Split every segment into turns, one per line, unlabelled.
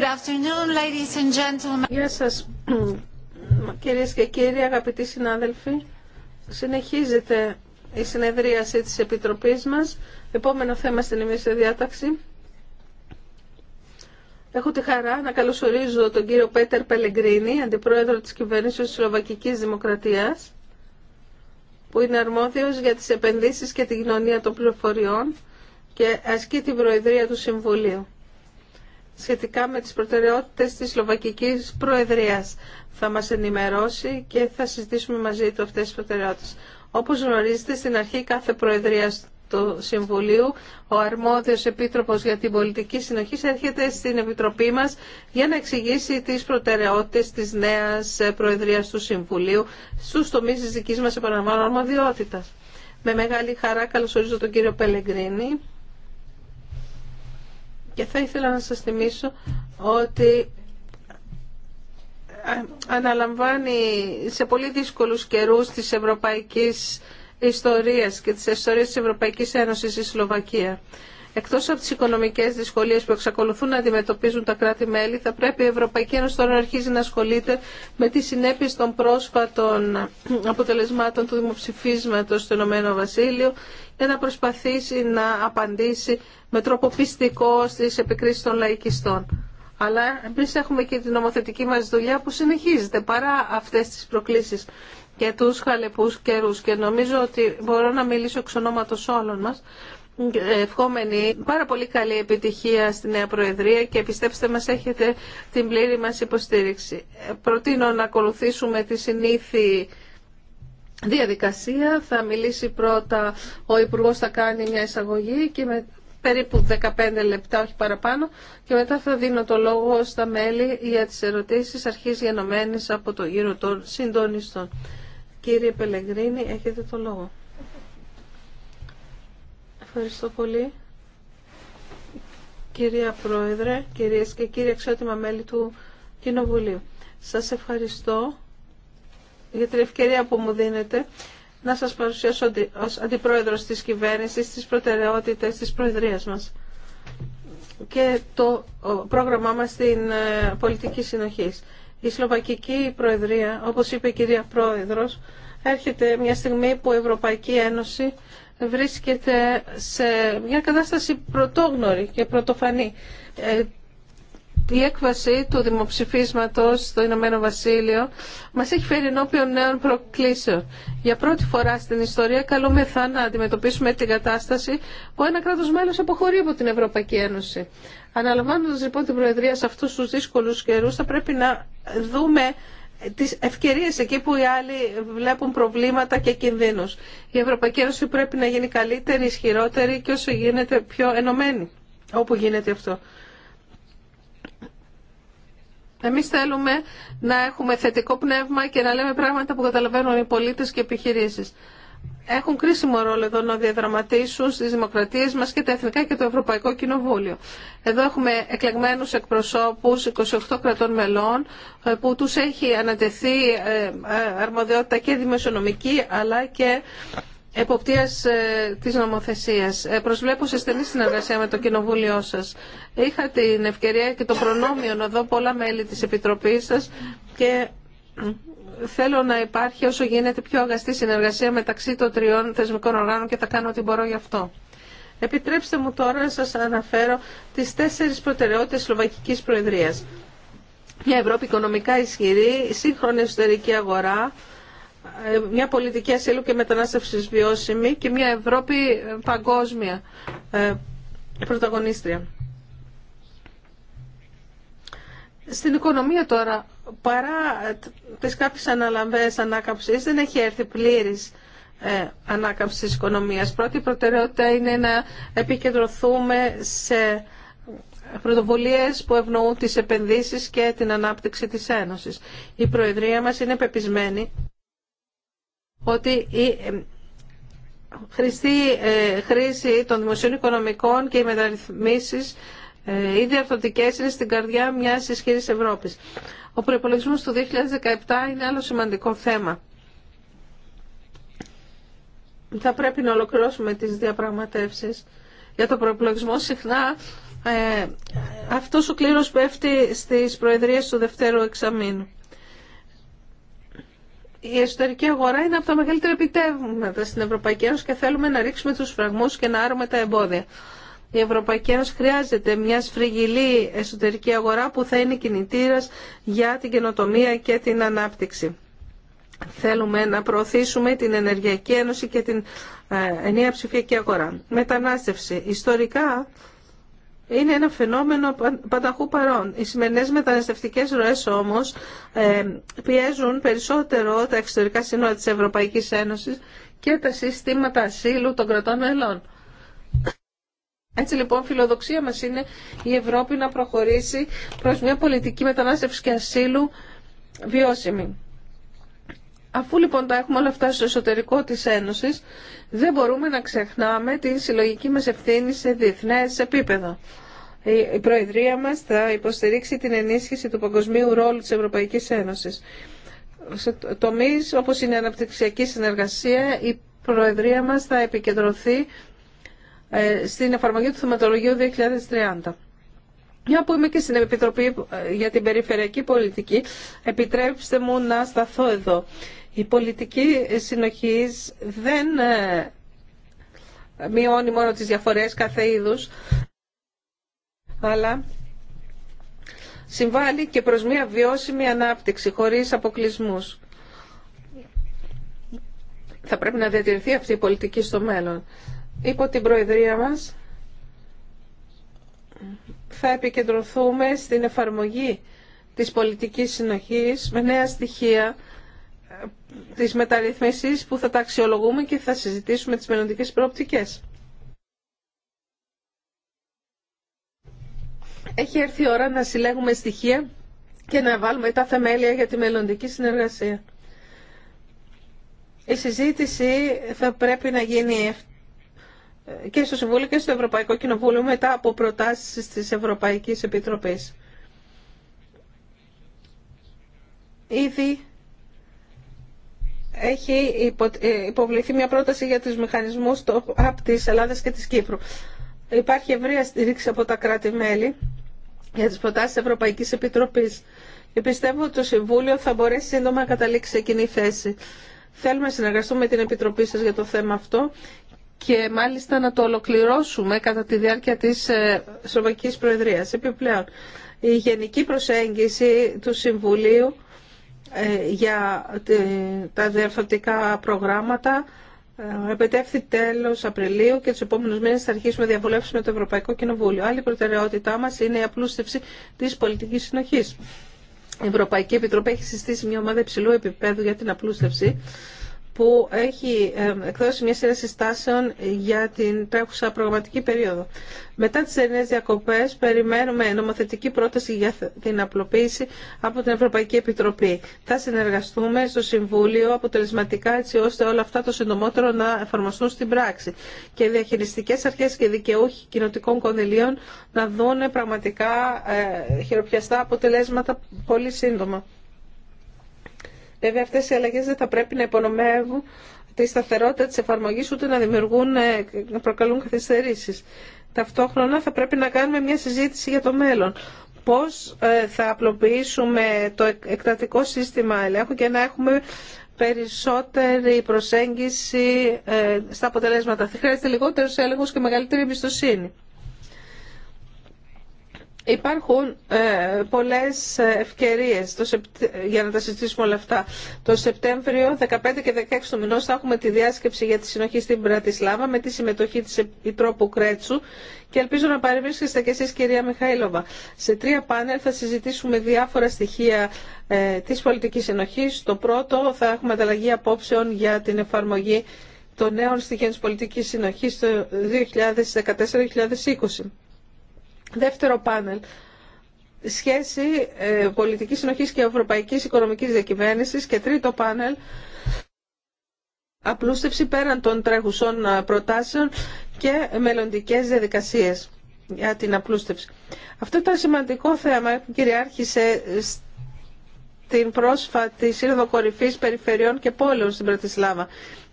Good Γεια σας, κυρίες και κύριοι, αγαπητοί συνάδελφοι. Συνεχίζεται η συνεδρίαση της Επιτροπής μας. Επόμενο θέμα στην εμεί διάταξη. Έχω τη χαρά να καλωσορίζω τον κύριο Πέτερ Πελεγκρίνη, αντιπρόεδρο της κυβέρνησης της Σλοβακικής Δημοκρατίας, που είναι αρμόδιος για τις επενδύσεις και τη κοινωνία των πληροφοριών και ασκεί την Προεδρία του Συμβουλίου σχετικά με τις προτεραιότητες της Σλοβακικής Προεδρίας. Θα μας ενημερώσει και θα συζητήσουμε μαζί του αυτές τις προτεραιότητες. Όπως γνωρίζετε, στην αρχή κάθε Προεδρία του Συμβουλίου, ο αρμόδιος Επίτροπος για την Πολιτική Συνοχή έρχεται στην Επιτροπή μας για να εξηγήσει τις προτεραιότητες της νέας Προεδρίας του Συμβουλίου στους τομείς της δικής μας επαναλαμβάνω αρμοδιότητας. Με μεγάλη χαρά καλωσορίζω τον κύριο Πελεγκρίνη και θα ήθελα να σας θυμίσω ότι ε, αναλαμβάνει σε πολύ δύσκολους καιρούς της ευρωπαϊκής ιστορίας και της ιστορίας της Ευρωπαϊκής Ένωσης η Σλοβακία. Εκτός από τις οικονομικές δυσκολίες που εξακολουθούν να αντιμετωπίζουν τα κράτη-μέλη, θα πρέπει η Ευρωπαϊκή Ένωση τώρα να αρχίζει να ασχολείται με τις συνέπειες των πρόσφατων αποτελεσμάτων του δημοψηφίσματος στο Ηνωμένο Βασίλειο για να προσπαθήσει να απαντήσει με τρόπο πιστικό στις επικρίσεις των λαϊκιστών. Αλλά εμείς έχουμε και την νομοθετική μας δουλειά που συνεχίζεται παρά αυτές τις προκλήσεις και τους χαλεπούς καιρούς. Και νομίζω ότι μπορώ να μιλήσω εξ όλων μας ευχόμενη πάρα πολύ καλή επιτυχία στη Νέα Προεδρία και πιστέψτε μας έχετε την πλήρη μας υποστήριξη. Προτείνω να ακολουθήσουμε τη συνήθη διαδικασία. Θα μιλήσει πρώτα ο Υπουργός, θα κάνει μια εισαγωγή και με περίπου 15 λεπτά, όχι παραπάνω, και μετά θα δίνω το λόγο στα μέλη για τις ερωτήσεις αρχής γενομένης από το γύρο των συντονιστών. Κύριε Πελεγκρίνη, έχετε το λόγο. Ευχαριστώ πολύ. Κυρία Πρόεδρε, κυρίες και κύριοι αξιότιμα μέλη του Κοινοβουλίου. Σας ευχαριστώ για την ευκαιρία που μου δίνετε να σας παρουσιάσω ως αντιπρόεδρος της κυβέρνησης της προτεραιότητες της Προεδρίας μας και το πρόγραμμά μας στην ε, πολιτική συνοχής. Η Σλοβακική Προεδρία, όπως είπε η κυρία Πρόεδρος, έρχεται μια στιγμή που η Ευρωπαϊκή Ένωση βρίσκεται σε μια κατάσταση πρωτόγνωρη και πρωτοφανή. Ε, η έκβαση του δημοψηφίσματος στο Ηνωμένο Βασίλειο μας έχει φέρει ενώπιον νέων προκλήσεων. Για πρώτη φορά στην ιστορία καλούμεθα να αντιμετωπίσουμε την κατάσταση που ένα κράτος μέλος αποχωρεί από την Ευρωπαϊκή Ένωση. Αναλαμβάνοντας λοιπόν την Προεδρία σε αυτούς τους δύσκολους καιρούς θα πρέπει να δούμε τις ευκαιρίες εκεί που οι άλλοι βλέπουν προβλήματα και κινδύνους. Η Ευρωπαϊκή Ένωση πρέπει να γίνει καλύτερη, ισχυρότερη και όσο γίνεται πιο ενωμένη όπου γίνεται αυτό. Εμείς θέλουμε να έχουμε θετικό πνεύμα και να λέμε πράγματα που καταλαβαίνουν οι πολίτες και επιχειρήσεις έχουν κρίσιμο ρόλο εδώ να διαδραματίσουν στις δημοκρατίες μας και τα Εθνικά και το Ευρωπαϊκό Κοινοβούλιο. Εδώ έχουμε εκλεγμένους εκπροσώπους 28 κρατών μελών ε, που τους έχει ανατεθεί ε, ε, αρμοδιότητα και δημοσιονομική αλλά και εποπτείας της νομοθεσίας. Προσβλέπω σε στενή συνεργασία με το Κοινοβούλιο σας. Είχα την ευκαιρία και το προνόμιο να δω πολλά μέλη της Επιτροπής σας και θέλω να υπάρχει όσο γίνεται πιο αγαστή συνεργασία μεταξύ των τριών θεσμικών οργάνων και θα κάνω ό,τι μπορώ γι' αυτό. Επιτρέψτε μου τώρα να σας αναφέρω τις τέσσερις προτεραιότητες Σλοβακικής Προεδρίας. Μια Ευρώπη οικονομικά ισχυρή, σύγχρονη εσωτερική αγορά, ε, μια πολιτική ασύλου και μετανάστευσης βιώσιμη και μια Ευρώπη ε, παγκόσμια ε, πρωταγωνίστρια. Στην οικονομία τώρα, παρά τις κάποιες αναλαμβές ανάκαμψης, δεν έχει έρθει πλήρης ε, ανάκαμψη της οικονομίας. Πρώτη προτεραιότητα είναι να επικεντρωθούμε σε πρωτοβουλίες που ευνοούν τις επενδύσεις και την ανάπτυξη της Ένωσης. Η Προεδρία μας είναι πεπισμένη ότι η ε, χρηστή ε, χρήση των δημοσίων οικονομικών και οι μεταρρυθμίσεις οι διαρθρωτικές είναι στην καρδιά μιας ισχυρής Ευρώπης. Ο προπολογισμό του 2017 είναι άλλο σημαντικό θέμα. Θα πρέπει να ολοκληρώσουμε τις διαπραγματεύσεις για τον προπολογισμό. Συχνά ε, αυτός ο κλήρος πέφτει στις προεδρίες του δευτέρου εξαμήνου. Η εσωτερική αγορά είναι από τα μεγαλύτερα επιτεύγματα στην Ευρωπαϊκή Ένωση και θέλουμε να ρίξουμε τους φραγμούς και να άρουμε τα εμπόδια. Η Ευρωπαϊκή Ένωση χρειάζεται μια σφριγγυλή εσωτερική αγορά που θα είναι κινητήρας για την καινοτομία και την ανάπτυξη. Θέλουμε να προωθήσουμε την Ενεργειακή Ένωση και την ε, ενιαία ψηφιακή αγορά. Μετανάστευση. Ιστορικά είναι ένα φαινόμενο πανταχού παρόν. Οι σημερινέ μεταναστευτικέ ροέ όμω ε, πιέζουν περισσότερο τα εξωτερικά σύνορα τη Ευρωπαϊκή Ένωση και τα συστήματα ασύλου των κρατών μελών. Έτσι λοιπόν φιλοδοξία μας είναι η Ευρώπη να προχωρήσει προς μια πολιτική μετανάστευση και ασύλου βιώσιμη. Αφού λοιπόν τα έχουμε όλα αυτά στο εσωτερικό της Ένωσης, δεν μπορούμε να ξεχνάμε την συλλογική μας ευθύνη σε διεθνές επίπεδο. Η Προεδρία μας θα υποστηρίξει την ενίσχυση του παγκοσμίου ρόλου της Ευρωπαϊκής Ένωσης. Σε τομείς όπως είναι η αναπτυξιακή συνεργασία, η Προεδρία μας θα επικεντρωθεί ε, στην εφαρμογή του θεματολογίου 2030. Μια που είμαι και στην Επιτροπή ε, για την Περιφερειακή Πολιτική, επιτρέψτε μου να σταθώ εδώ. Η πολιτική συνοχής δεν ε, μειώνει μόνο τις διαφορές κάθε είδους, αλλά συμβάλλει και προς μια βιώσιμη ανάπτυξη χωρίς αποκλεισμούς. Θα πρέπει να διατηρηθεί αυτή η πολιτική στο μέλλον υπό την Προεδρία μας θα επικεντρωθούμε στην εφαρμογή της πολιτικής συνοχής με νέα στοιχεία της μεταρρυθμίσης που θα τα αξιολογούμε και θα συζητήσουμε τις μελλοντικές προοπτικές. Έχει έρθει η ώρα να συλλέγουμε στοιχεία και να βάλουμε τα θεμέλια για τη μελλοντική συνεργασία. Η συζήτηση θα πρέπει να γίνει και στο Συμβούλιο και στο Ευρωπαϊκό Κοινοβούλιο μετά από προτάσεις της Ευρωπαϊκής Επιτροπής. Ήδη έχει ε, υποβληθεί μια πρόταση για τους μηχανισμούς από της Ελλάδας και της Κύπρου. Υπάρχει ευρεία στήριξη από τα κράτη-μέλη για τις προτάσεις της Ευρωπαϊκής Επιτροπής και ότι το Συμβούλιο θα μπορέσει σύντομα να καταλήξει σε κοινή θέση. Θέλουμε να συνεργαστούμε με την Επιτροπή σας για το θέμα αυτό και μάλιστα να το ολοκληρώσουμε κατά τη διάρκεια της ε, Σλοβακικής Προεδρίας. Επιπλέον, η γενική προσέγγιση του Συμβουλίου ε, για ε, τα διαφθορτικά προγράμματα επετεύθη τέλος Απριλίου και τους επόμενους μήνες θα αρχίσουμε διαβουλεύσεις με το Ευρωπαϊκό Κοινοβούλιο. Άλλη προτεραιότητά μας είναι η απλούστευση της πολιτικής συνοχής. Η Ευρωπαϊκή Επιτροπή έχει συστήσει μια ομάδα υψηλού επίπεδου για την απλούστευση που έχει ε, εκδώσει μια σειρά συστάσεων για την τρέχουσα προγραμματική περίοδο. Μετά τις ελληνές διακοπές περιμένουμε νομοθετική πρόταση για την απλοποίηση από την Ευρωπαϊκή Επιτροπή. Θα συνεργαστούμε στο Συμβούλιο αποτελεσματικά έτσι ώστε όλα αυτά το συντομότερο να εφαρμοστούν στην πράξη και οι διαχειριστικές αρχές και δικαιούχοι κοινοτικών κονδυλίων να δούνε πραγματικά ε, χειροπιαστά αποτελέσματα πολύ σύντομα. Βέβαια αυτέ οι αλλαγέ δεν θα πρέπει να υπονομεύουν τη σταθερότητα τη εφαρμογή ούτε να δημιουργούν, ε, να προκαλούν καθυστερήσει. Ταυτόχρονα θα πρέπει να κάνουμε μια συζήτηση για το μέλλον. Πώ ε, θα απλοποιήσουμε το εκτατικό σύστημα ελέγχου και να έχουμε περισσότερη προσέγγιση ε, στα αποτελέσματα. Θα χρειάζεται λιγότερο έλεγχο και μεγαλύτερη εμπιστοσύνη. Υπάρχουν ε, πολλές ευκαιρίες το για να τα συζητήσουμε όλα αυτά. Το Σεπτέμβριο 15 και 16 του μηνός θα έχουμε τη διάσκεψη για τη συνοχή στην Πρατισλάβα με τη συμμετοχή της Επιτρόπου Κρέτσου και ελπίζω να παρεμβρίσκεστε και εσείς κυρία Μιχαήλοβα. Σε τρία πάνελ θα συζητήσουμε διάφορα στοιχεία ε, της πολιτικής συνοχής. Το πρώτο θα έχουμε ανταλλαγή απόψεων για την εφαρμογή των νέων στοιχείων της πολιτικής συνοχής το 2014-2020. Δεύτερο πάνελ. Σχέση ε, πολιτικής συνοχής και ευρωπαϊκής οικονομικής διακυβέρνησης. Και τρίτο πάνελ. Απλούστευση πέραν των τρέχουσών ε, προτάσεων και μελλοντικές διαδικασίες για την απλούστευση. Αυτό ήταν σημαντικό θέμα που κυριάρχησε στην πρόσφατη σύνοδο κορυφής περιφερειών και πόλεων στην Πρατισλάβα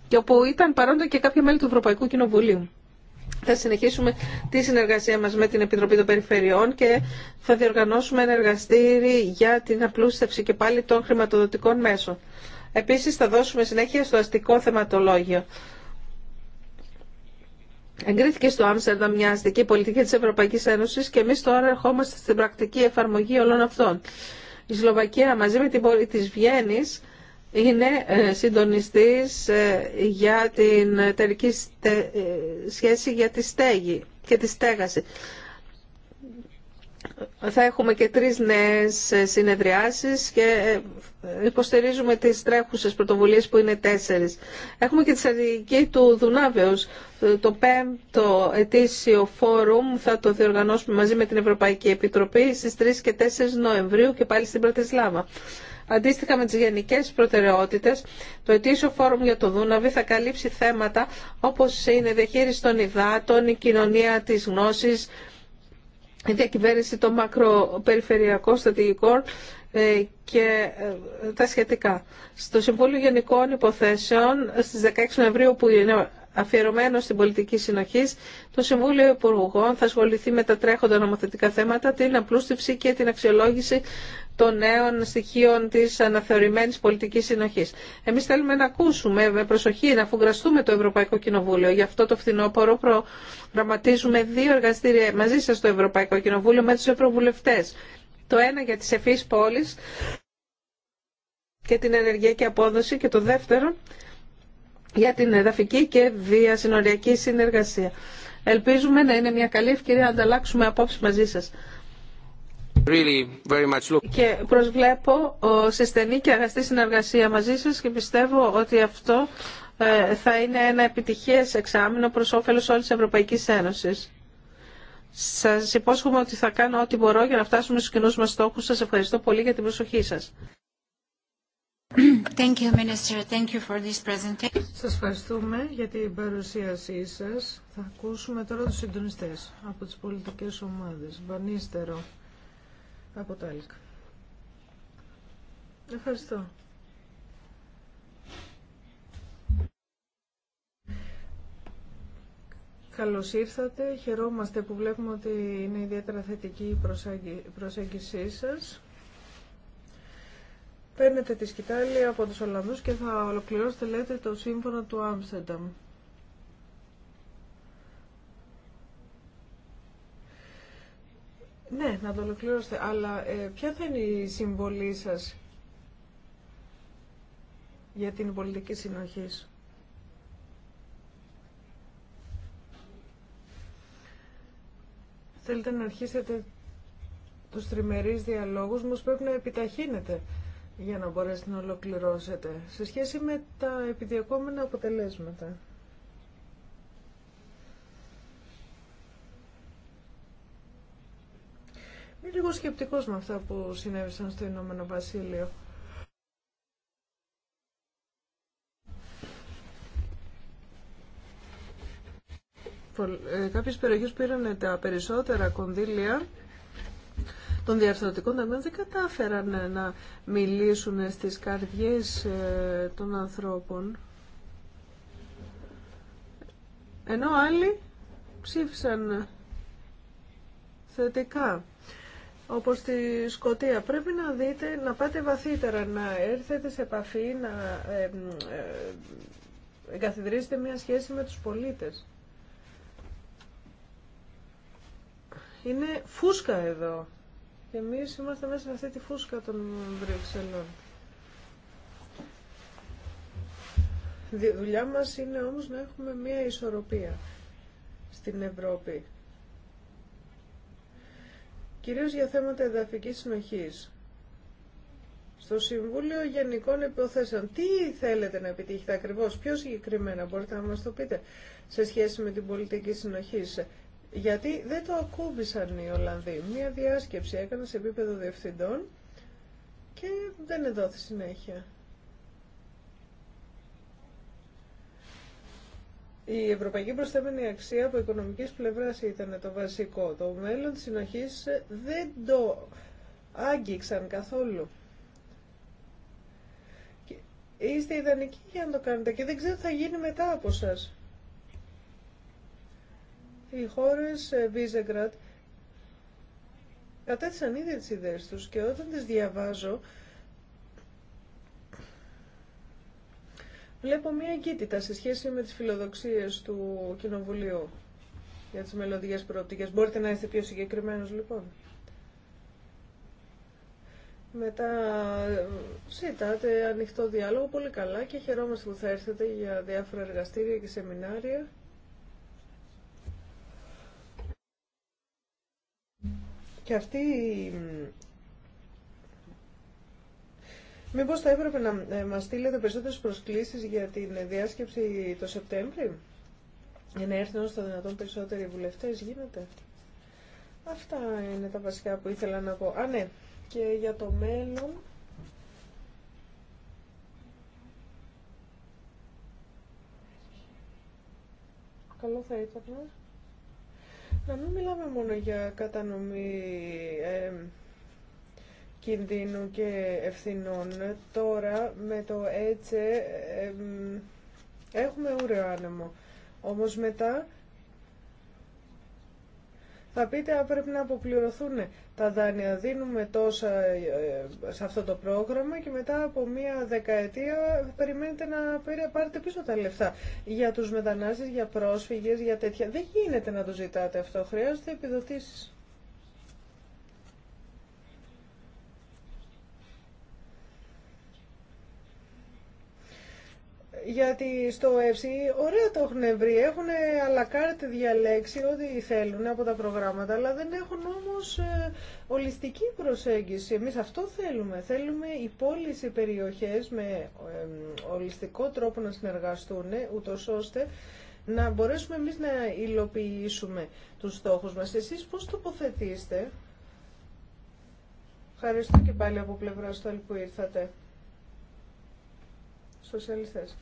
και όπου ήταν παρόντα και κάποια μέλη του Ευρωπαϊκού Κοινοβουλίου. Θα συνεχίσουμε τη συνεργασία μας με την Επιτροπή των Περιφερειών και θα διοργανώσουμε ένα εργαστήρι για την απλούστευση και πάλι των χρηματοδοτικών μέσων. Επίσης θα δώσουμε συνέχεια στο αστικό θεματολόγιο. Εγκρίθηκε στο Άμστερνταμ μια αστική πολιτική της Ευρωπαϊκής Ένωσης και εμείς τώρα ερχόμαστε στην πρακτική εφαρμογή όλων αυτών. Η Σλοβακία μαζί με την πόλη της Βιέννης είναι ε, συντονιστής ε, για την εταιρική ε, σχέση για τη στέγη και τη στέγαση. Θα έχουμε και τρεις νέες συνεδριάσεις και υποστηρίζουμε τις τρέχουσες πρωτοβουλίες που είναι τέσσερις. Έχουμε και τη στρατηγική του Δουνάβεως. Το πέμπτο ετήσιο φόρουμ θα το διοργανώσουμε μαζί με την Ευρωπαϊκή Επιτροπή στις 3 και 4 Νοεμβρίου και πάλι στην Πρατισλάβα. Αντίστοιχα με τις γενικές προτεραιότητες, το ετήσιο φόρουμ για το Δούναβι θα καλύψει θέματα όπως είναι η διαχείριση των υδάτων, η κοινωνία της γνώσης, η διακυβέρνηση των μακροπεριφερειακών στρατηγικών ε, και ε, τα σχετικά. Στο Συμβούλιο Γενικών Υποθέσεων στις 16 Νοεμβρίου που είναι αφιερωμένο στην πολιτική συνοχή, το Συμβούλιο Υπουργών θα ασχοληθεί με τα τρέχοντα νομοθετικά θέματα, την απλούστευση και την αξιολόγηση των νέων στοιχείων τη αναθεωρημένη πολιτική συνοχή. Εμεί θέλουμε να ακούσουμε με προσοχή, να φουγκραστούμε το Ευρωπαϊκό Κοινοβούλιο. Γι' αυτό το φθινόπωρο προγραμματίζουμε δύο εργαστήρια μαζί σα στο Ευρωπαϊκό Κοινοβούλιο με του Ευρωβουλευτέ. Το ένα για τι ευφύ πόλει και την ενεργειακή απόδοση και το δεύτερο για την εδαφική και διασυνοριακή συνεργασία. Ελπίζουμε να είναι μια καλή ευκαιρία να ανταλλάξουμε απόψεις μαζί σας. Really very much και προσβλέπω σε στενή και αγαστή συνεργασία μαζί σας και πιστεύω ότι αυτό ε, θα είναι ένα επιτυχές εξάμεινο προς όφελος όλης της Ευρωπαϊκής Ένωσης. Σας υπόσχομαι ότι θα κάνω ό,τι μπορώ για να φτάσουμε στους κοινούς μας στόχους. Σας ευχαριστώ πολύ για την προσοχή σας. Thank you, Minister. Thank you for this presentation. Σας ευχαριστούμε για την παρουσίασή σας.
Θα ακούσουμε τώρα τους συντονιστές από τις πολιτικές ομάδες. Βανίστερο από τα Ευχαριστώ. Καλώς ήρθατε. Χαιρόμαστε που βλέπουμε ότι είναι ιδιαίτερα θετική η προσέγγισή σας παίρνετε τη σκητάλη από τους Ολλανδούς και θα ολοκληρώσετε λέτε το σύμφωνο του Άμστερνταμ. Ναι, να το ολοκληρώσετε, αλλά ε, ποια θα είναι η συμβολή σας για την πολιτική συνοχή. Θέλετε να αρχίσετε τους τριμερείς διαλόγους, όμως πρέπει να επιταχύνετε για να μπορέσετε να ολοκληρώσετε σε σχέση με τα επιδιακόμενα αποτελέσματα. Είμαι λίγο σκεπτικός με αυτά που συνέβησαν στο Ηνωμένο Βασίλειο. Ε, κάποιες περιοχές πήραν τα περισσότερα κονδύλια των διαρθρωτικών ταμείων δεν κατάφεραν ε, να μιλήσουν στις καρδιές ε, των ανθρώπων. Ενώ άλλοι ψήφισαν ε, θετικά όπως στη Σκοτία. Πρέπει να δείτε, να πάτε βαθύτερα, να έρθετε σε επαφή, να ε, εγκαθιδρύσετε μια σχέση με τους πολίτες. Είναι φούσκα εδώ. Εμείς είμαστε μέσα σε αυτή τη φούσκα των Βρυξελών. Η δουλειά μας είναι όμως να έχουμε μία ισορροπία στην Ευρώπη. Κυρίως για θέματα εδαφικής συνοχής. Στο Συμβούλιο Γενικών Υποθέσεων, τι θέλετε να επιτύχετε ακριβώς, πιο συγκεκριμένα μπορείτε να μας το πείτε, σε σχέση με την πολιτική συνοχή γιατί δεν το ακούμπησαν οι Ολλανδοί. Μία διάσκεψη έκανα σε επίπεδο διευθυντών και δεν εδόθη συνέχεια. Η ευρωπαϊκή προσθέμενη αξία από οικονομικής πλευράς ήταν το βασικό. Το μέλλον της συνοχής δεν το άγγιξαν καθόλου. Είστε ιδανικοί για να το κάνετε και δεν ξέρω τι θα γίνει μετά από σας οι χώρες ε, Βίζεγκρατ κατέθεσαν ήδη τις ιδέες τους και όταν τις διαβάζω βλέπω μία εγκύτητα σε σχέση με τις φιλοδοξίες του Κοινοβουλίου για τις μελλοντικές προοπτικές. Μπορείτε να είστε πιο συγκεκριμένος λοιπόν. Μετά ζητάτε ανοιχτό διάλογο πολύ καλά και χαιρόμαστε που θα έρθετε για διάφορα εργαστήρια και σεμινάρια. Και αυτή Μήπως θα έπρεπε να ε, μας στείλετε περισσότερες προσκλήσεις για την διάσκεψη το Σεπτέμβρη, για να έρθουν όσο δυνατόν περισσότεροι βουλευτές, γίνεται. Αυτά είναι τα βασικά που ήθελα να πω. Α, ναι, και για το μέλλον... Καλό θα ήταν να μην μιλάμε μόνο για κατανομή κινδύνου και ευθυνών. Τώρα με το έτσε έχουμε ε, έχουμε ουρεάνεμο. Όμως μετά θα πείτε, πρέπει να αποπληρωθούν τα δάνεια. Δίνουμε τόσα ε, ε, σε αυτό το πρόγραμμα και μετά από μία δεκαετία περιμένετε να πάρετε πίσω τα λεφτά. Για τους μετανάστες, για πρόσφυγες, για τέτοια. Δεν γίνεται να το ζητάτε αυτό. Χρειάζεται επιδοτήσεις. Γιατί στο FC ωραία το έχουν βρει, έχουν αλακάρτε διαλέξει ό,τι θέλουν από τα προγράμματα, αλλά δεν έχουν όμως ε, ολιστική προσέγγιση. Εμείς αυτό θέλουμε. Θέλουμε οι πόλεις, οι περιοχές με ολιστικό τρόπο να συνεργαστούν, ούτως ώστε να μπορέσουμε εμείς να υλοποιήσουμε τους στόχους μας. Εσείς πώς τοποθετήσετε. Ευχαριστώ και πάλι από πλευρά του που ήρθατε. Σοσιαλιστές,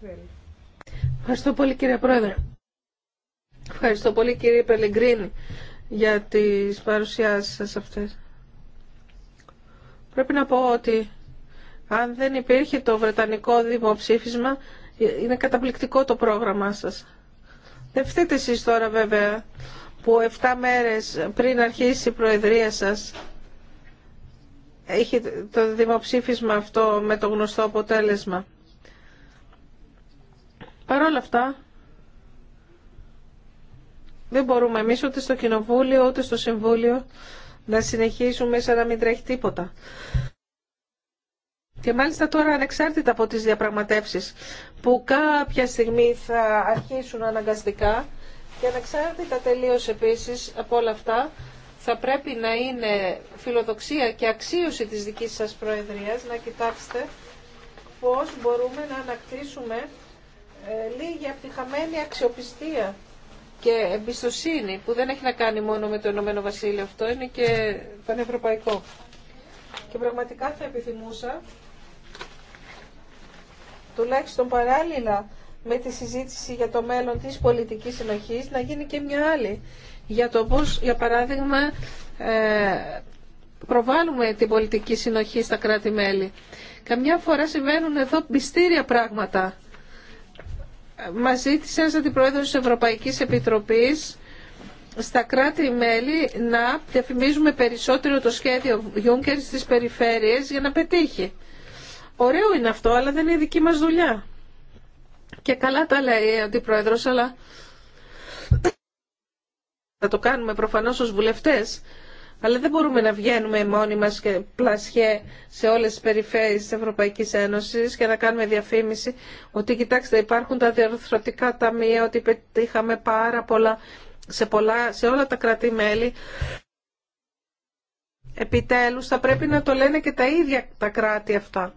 Ευχαριστώ πολύ κύριε Πρόεδρε. Ευχαριστώ πολύ κύριε Πελεγκρίνη για τις παρουσιάσεις σας αυτές. Πρέπει να πω ότι αν δεν υπήρχε το βρετανικό δημοψήφισμα, είναι καταπληκτικό το πρόγραμμά σας. Δεν φταίτε εσείς τώρα βέβαια που 7 μέρες πριν αρχίσει η προεδρία σας έχει το δημοψήφισμα αυτό με το γνωστό αποτέλεσμα. Παρ' όλα αυτά, δεν μπορούμε εμείς ούτε στο Κοινοβούλιο, ούτε στο Συμβούλιο να συνεχίσουμε σαν να μην τρέχει τίποτα. Και μάλιστα τώρα ανεξάρτητα από τις διαπραγματεύσεις που κάποια στιγμή θα αρχίσουν αναγκαστικά και ανεξάρτητα τελείως επίσης από όλα αυτά θα πρέπει να είναι φιλοδοξία και αξίωση της δικής σας Προεδρίας να κοιτάξετε πώς μπορούμε να ανακτήσουμε ε, λίγη από αξιοπιστία και εμπιστοσύνη που δεν έχει να κάνει μόνο με το Ηνωμένο Βασίλειο αυτό, είναι και πανευρωπαϊκό. Και πραγματικά θα επιθυμούσα, τουλάχιστον παράλληλα με τη συζήτηση για το μέλλον της πολιτικής συνοχής, να γίνει και μια άλλη. Για το πώς, για παράδειγμα, ε, προβάλλουμε την πολιτική συνοχή στα κράτη-μέλη. Καμιά φορά συμβαίνουν εδώ πιστήρια πράγματα μας ζήτησε ένα αντιπρόεδρος της Ευρωπαϊκής Επιτροπής στα κράτη-μέλη να διαφημίζουμε περισσότερο το σχέδιο Juncker στις περιφέρειες για να πετύχει. Ωραίο είναι αυτό, αλλά δεν είναι δική μας δουλειά. Και καλά τα λέει ο Αντιπρόεδρος, αλλά θα το κάνουμε προφανώς ως βουλευτές. Αλλά δεν μπορούμε να βγαίνουμε μόνοι μας και πλασιέ σε όλες τις περιφέρειες της Ευρωπαϊκής Ένωσης και να κάνουμε διαφήμιση ότι κοιτάξτε υπάρχουν τα διαρθρωτικά ταμεία, ότι πετύχαμε πάρα πολλά σε, πολλά, σε όλα τα κράτη-μέλη. Επιτέλους θα πρέπει να το λένε και τα ίδια τα κράτη αυτά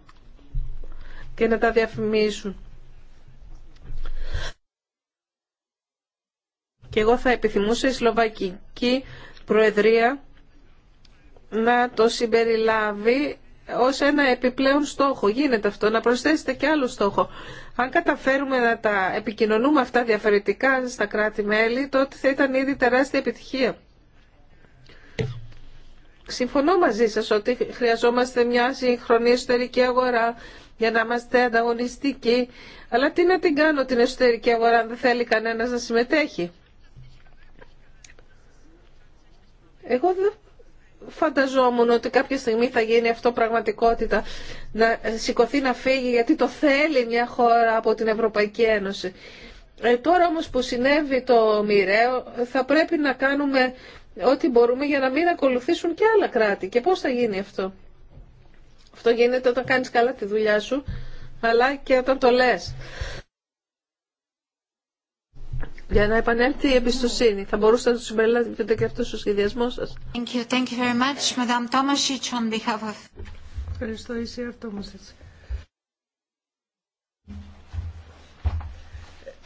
και να τα διαφημίσουν. Και εγώ θα επιθυμούσα η Σλοβακική Προεδρία να το συμπεριλάβει ως ένα επιπλέον στόχο. Γίνεται αυτό, να προσθέσετε και άλλο στόχο. Αν καταφέρουμε να τα επικοινωνούμε αυτά διαφορετικά στα κράτη-μέλη, τότε θα ήταν ήδη τεράστια επιτυχία. Συμφωνώ μαζί σας ότι χρειαζόμαστε μια συγχρονή εσωτερική αγορά για να είμαστε ανταγωνιστικοί. Αλλά τι να την κάνω την εσωτερική αγορά αν δεν θέλει κανένας να συμμετέχει. Εγώ δεν φανταζόμουν ότι κάποια στιγμή θα γίνει αυτό πραγματικότητα να σηκωθεί να φύγει γιατί το θέλει μια χώρα από την Ευρωπαϊκή Ένωση. Ε, τώρα όμως που συνέβη το μοιραίο θα πρέπει να κάνουμε ό,τι μπορούμε για να μην ακολουθήσουν και άλλα κράτη. Και πώς θα γίνει αυτό. Αυτό γίνεται όταν κάνεις καλά τη δουλειά σου αλλά και όταν το λες για να επανέλθει η εμπιστοσύνη. Θα μπορούσατε να του συμπεριλάβετε και αυτό στο σχεδιασμό σα. Ευχαριστώ,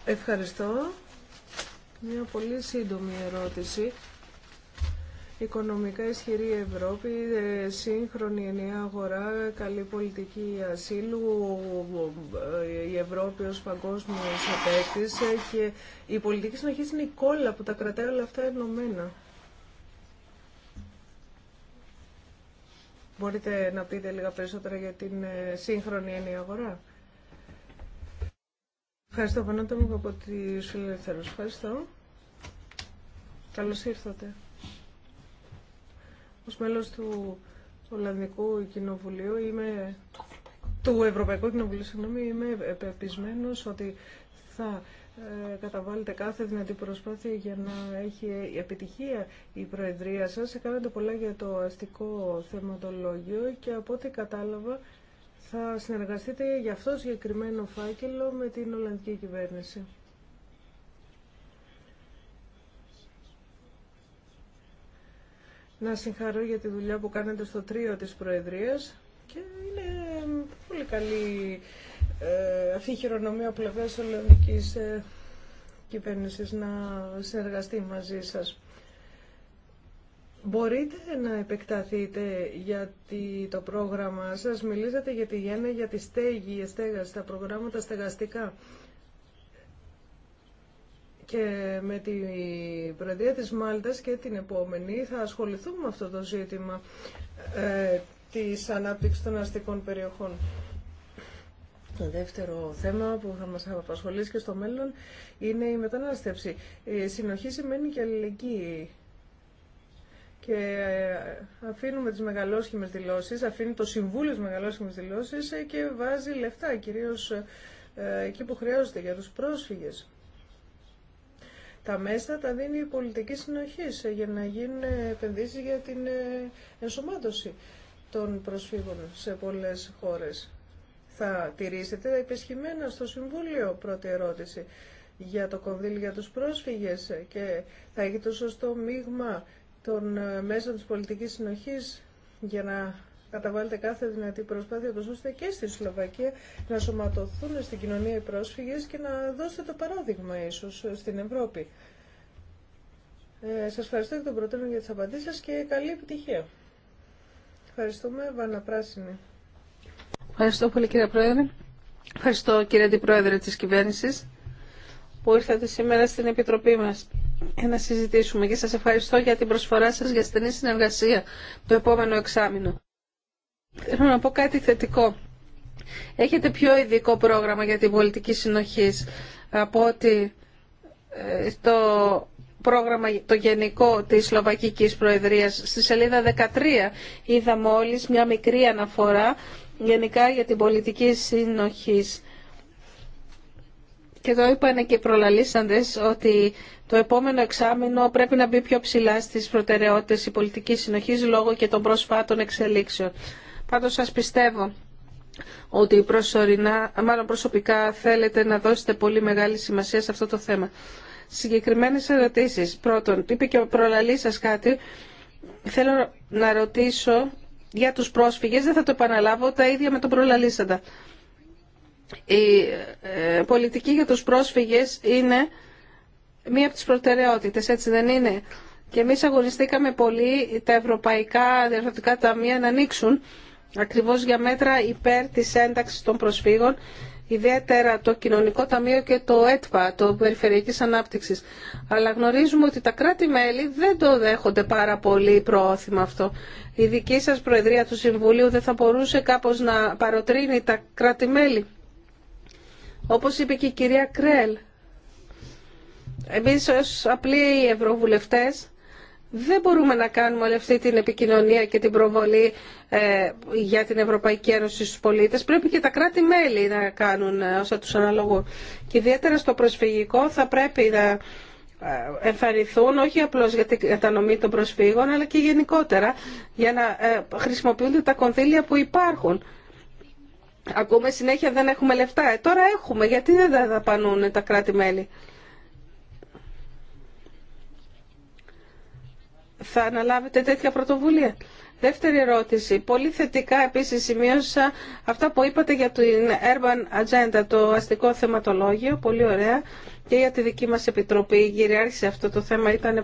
Ευχαριστώ. Μια πολύ σύντομη ερώτηση οικονομικά ισχυρή Ευρώπη, ε, σύγχρονη ενιαία αγορά, καλή πολιτική ασύλου, ε, η Ευρώπη ως παγκόσμιος επέκτης ε, και η πολιτική συνοχή είναι η κόλλα που τα κρατάει όλα αυτά ενωμένα. Μπορείτε να πείτε λίγα περισσότερα για την σύγχρονη ενιαία αγορά. Ευχαριστώ, μου από τη Ευχαριστώ. Καλώς ήρθατε ως μέλος του Ολλανδικού Κοινοβουλίου είμαι... Του Ευρωπαϊκού Κοινοβουλίου, είμαι πεπισμένος ότι θα ε, καταβάλλετε κάθε δυνατή προσπάθεια για να έχει επιτυχία η Προεδρία σας. Κάνατε πολλά για το αστικό θεματολόγιο και από ό,τι κατάλαβα θα συνεργαστείτε για αυτό συγκεκριμένο φάκελο με την Ολλανδική Κυβέρνηση. να συγχαρώ για τη δουλειά που κάνετε στο τρίο της Προεδρίας και είναι πολύ καλή ε, αυτή η χειρονομία πλευράς Ολλανδικής ε, κυβέρνησης να συνεργαστεί μαζί σας. Μπορείτε να επεκταθείτε γιατί το πρόγραμμα σας, μιλήσατε για τη γέννα, για τη στέγη, στέγα, τα προγράμματα στεγαστικά και με την Προεδρία της Μάλτας και την επόμενη θα ασχοληθούμε με αυτό το ζήτημα ε, της ανάπτυξης των αστικών περιοχών. Το δεύτερο θέμα που θα μας απασχολήσει και στο μέλλον είναι η μετανάστευση. Η συνοχή σημαίνει και αλληλεγγύη και ε, αφήνουμε τις μεγαλόσχημες δηλώσεις, αφήνει το Συμβούλιο τις μεγαλόσχημες δηλώσεις ε, και βάζει λεφτά, κυρίως ε, εκεί που χρειάζεται για τους πρόσφυγες τα μέσα τα δίνει η πολιτική συνοχή για να γίνουν επενδύσει για την ε, ενσωμάτωση των προσφύγων σε πολλές χώρες. Θα τηρήσετε τα υπεσχημένα στο Συμβούλιο, πρώτη ερώτηση, για το κονδύλι για τους πρόσφυγες και θα έχει το σωστό μείγμα των ε, μέσων της πολιτικής συνοχής για να καταβάλλεται κάθε δυνατή προσπάθεια τους, ώστε και στη Σλοβακία να σωματωθούν στην κοινωνία οι πρόσφυγες και να δώσετε το παράδειγμα ίσως στην Ευρώπη. Ε, σας ευχαριστώ και τον προτείνω για τις απαντήσεις σας και καλή επιτυχία. Ευχαριστούμε. Βάνα Πράσινη.
Ευχαριστώ πολύ κύριε Πρόεδρε. Ευχαριστώ κύριε Αντιπρόεδρε της κυβέρνησης που ήρθατε σήμερα στην Επιτροπή μας για να συζητήσουμε και σας ευχαριστώ για την προσφορά σας για στενή συνεργασία το επόμενο εξάμεινο. Θέλω να πω κάτι θετικό. Έχετε πιο ειδικό πρόγραμμα για την πολιτική συνοχή από ότι ε, στο πρόγραμμα το γενικό της Σλοβακικής Προεδρίας. Στη σελίδα 13 είδα μόλις μια μικρή αναφορά γενικά για την πολιτική συνοχή. Και εδώ είπαν και οι προλαλήσαντες ότι το επόμενο εξάμεινο πρέπει να μπει πιο ψηλά στις προτεραιότητες η πολιτική συνοχής λόγω και των προσφάτων εξελίξεων. Πάντως σας πιστεύω ότι προσωρινά, μάλλον προσωπικά θέλετε να δώσετε πολύ μεγάλη σημασία σε αυτό το θέμα. Συγκεκριμένες ερωτήσεις. Πρώτον, είπε και ο προλαλής κάτι. Θέλω να ρωτήσω για τους πρόσφυγες, δεν θα το επαναλάβω, τα ίδια με τον προλαλήσαντα. Η ε, πολιτική για τους πρόσφυγες είναι μία από τις προτεραιότητες, έτσι δεν είναι. Και εμείς αγωνιστήκαμε πολύ τα ευρωπαϊκά διευθυντικά ταμεία να ανοίξουν ακριβώς για μέτρα υπέρ της ένταξης των προσφύγων, ιδιαίτερα το Κοινωνικό Ταμείο και το ΕΤΠΑ, το Περιφερειακής Ανάπτυξης. Αλλά γνωρίζουμε ότι τα κράτη-μέλη δεν το δέχονται πάρα πολύ προώθημα αυτό. Η δική σας Προεδρία του Συμβουλίου δεν θα μπορούσε κάπως να παροτρύνει τα κράτη-μέλη. Όπως είπε και η κυρία Κρέλ, εμείς ως απλοί ευρωβουλευτές δεν μπορούμε να κάνουμε όλη αυτή την επικοινωνία και την προβολή ε, για την Ευρωπαϊκή Ένωση στους πολίτες. Πρέπει και τα κράτη-μέλη να κάνουν ε, όσα τους αναλογούν. Και ιδιαίτερα στο προσφυγικό θα πρέπει να ε, εμφανιστούν όχι απλώς για την κατανομή των προσφύγων αλλά και γενικότερα για να χρησιμοποιούνται τα κονδύλια που υπάρχουν. Ακούμε συνέχεια δεν έχουμε λεφτά. τώρα έχουμε γιατί δεν τα δαπανούν τα κράτη-μέλη. θα αναλάβετε τέτοια πρωτοβουλία. Δεύτερη ερώτηση. Πολύ θετικά επίσης σημείωσα αυτά που είπατε για την Urban Agenda, το αστικό θεματολόγιο, πολύ ωραία, και για τη δική μας επιτροπή γυριάρχησε αυτό το θέμα, ήταν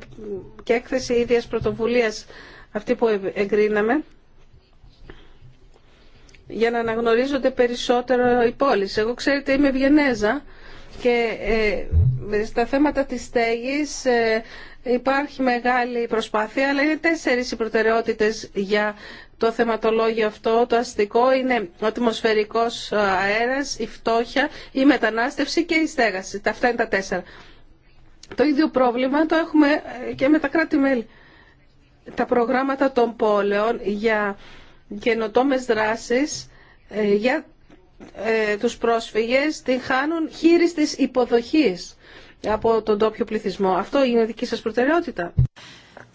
και έκθεση ίδιας πρωτοβουλίας αυτή που εγκρίναμε για να αναγνωρίζονται περισσότερο οι πόλεις. Εγώ ξέρετε είμαι Βιενέζα και ε, στα θέματα της στέγης ε, Υπάρχει μεγάλη προσπάθεια, αλλά είναι τέσσερις οι προτεραιότητες για το θεματολόγιο αυτό, το αστικό, είναι ο ατμοσφαιρικός ε, αέρας, η φτώχεια, η μετανάστευση και η στέγαση. Αυτά είναι τα τέσσερα. Το ίδιο πρόβλημα το έχουμε ε, και με τα κράτη-μέλη. Τα προγράμματα των πόλεων για καινοτόμες δράσεις, ε, για τους πρόσφυγες, την χάνουν χείρις της από τον τόπιο πληθυσμό. Αυτό είναι δική σας προτεραιότητα.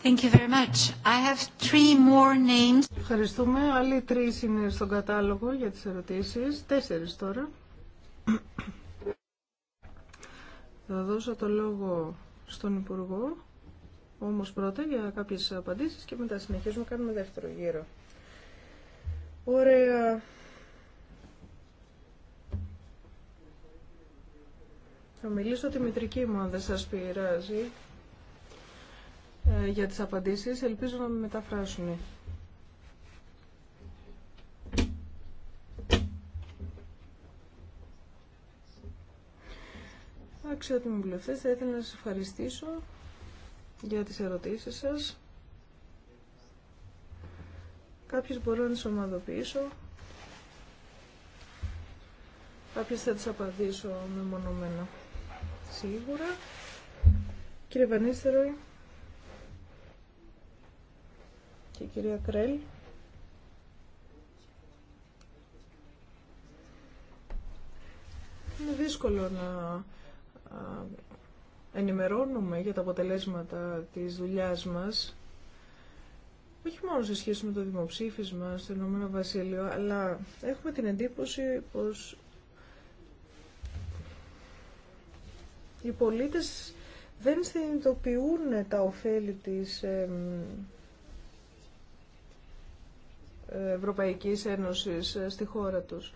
Thank you very much. I have three more names. Ευχαριστούμε.
Άλλοι τρεις είναι στον κατάλογο για τις ερωτήσεις. Τέσσερις τώρα. Θα δώσω το λόγο στον Υπουργό, όμως πρώτα για κάποιες απαντήσεις και μετά συνεχίζουμε, κάνουμε δεύτερο γύρο. Ωραία. Θα μιλήσω τη μητρική μου, αν δεν σας πειράζει, ε, για τις απαντήσεις. Ελπίζω να με μεταφράσουν. Αξιότιμοι βουλευτές, θα ήθελα να σας ευχαριστήσω για τις ερωτήσεις σας. Κάποιες μπορώ να τις ομαδοποιήσω. Κάποιες θα τις απαντήσω μεμονωμένα σίγουρα. Κύριε Βανίστεροι και κυρία Κρέλ. Είναι δύσκολο να ενημερώνουμε για τα αποτελέσματα της δουλειάς μας όχι μόνο σε σχέση με το δημοψήφισμα στο Ηνωμένο Βασίλειο, αλλά έχουμε την εντύπωση πως Οι πολίτες δεν συνειδητοποιούν τα ωφέλη της Ευρωπαϊκής Ένωσης ε, στη χώρα τους.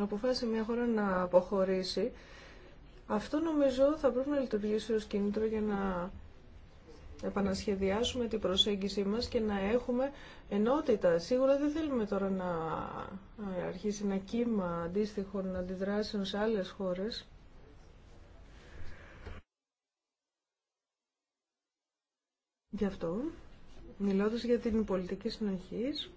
Αποφάσισε μια χώρα να αποχωρήσει. Αυτό νομίζω θα πρέπει να λειτουργήσει ως κίνητρο για να επανασχεδιάσουμε την προσέγγιση μας και να έχουμε ενότητα. Σίγουρα δεν θέλουμε τώρα να ε, αρχίσει ένα κύμα αντίστοιχων αντιδράσεων σε άλλες χώρες. Γι' αυτό, μιλώντας για την πολιτική συνοχής,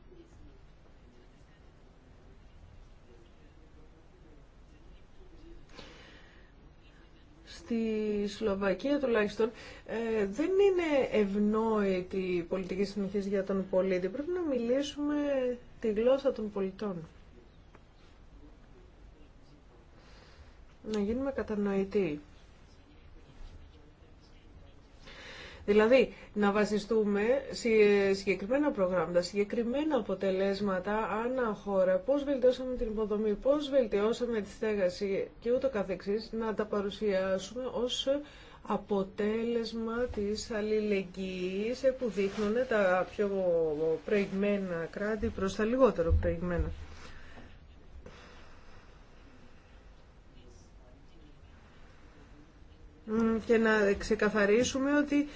στη Σλοβακία τουλάχιστον ε, δεν είναι ευνόητη η πολιτική συνοχή για τον πολίτη. Πρέπει να μιλήσουμε τη γλώσσα των πολιτών. Να γίνουμε κατανοητοί. Δηλαδή, να βασιστούμε σε συγκεκριμένα προγράμματα, συγκεκριμένα αποτελέσματα ανά χώρα, πώς βελτιώσαμε την υποδομή, πώς βελτιώσαμε τη στέγαση και ούτω καθεξής, να τα παρουσιάσουμε ως αποτέλεσμα της αλληλεγγύης που δείχνουν τα πιο προηγμένα κράτη προς τα λιγότερο προηγμένα. και να ξεκαθαρίσουμε ότι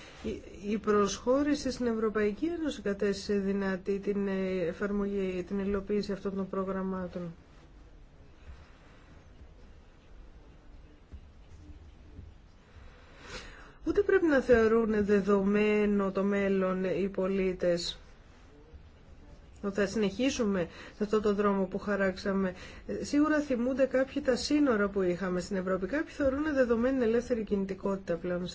η προσχώρηση στην Ευρωπαϊκή Ένωση κατέστησε δυνατή την ε, εφαρμογή, την υλοποίηση αυτών των προγραμμάτων. Ούτε πρέπει να θεωρούν δεδομένο το μέλλον οι πολίτες θα συνεχίσουμε σε αυτό το δρόμο που χαράξαμε. Σίγουρα θυμούνται κάποιοι τα σύνορα που είχαμε στην Ευρώπη. Κάποιοι θεωρούν δεδομένη ελεύθερη κινητικότητα πλέον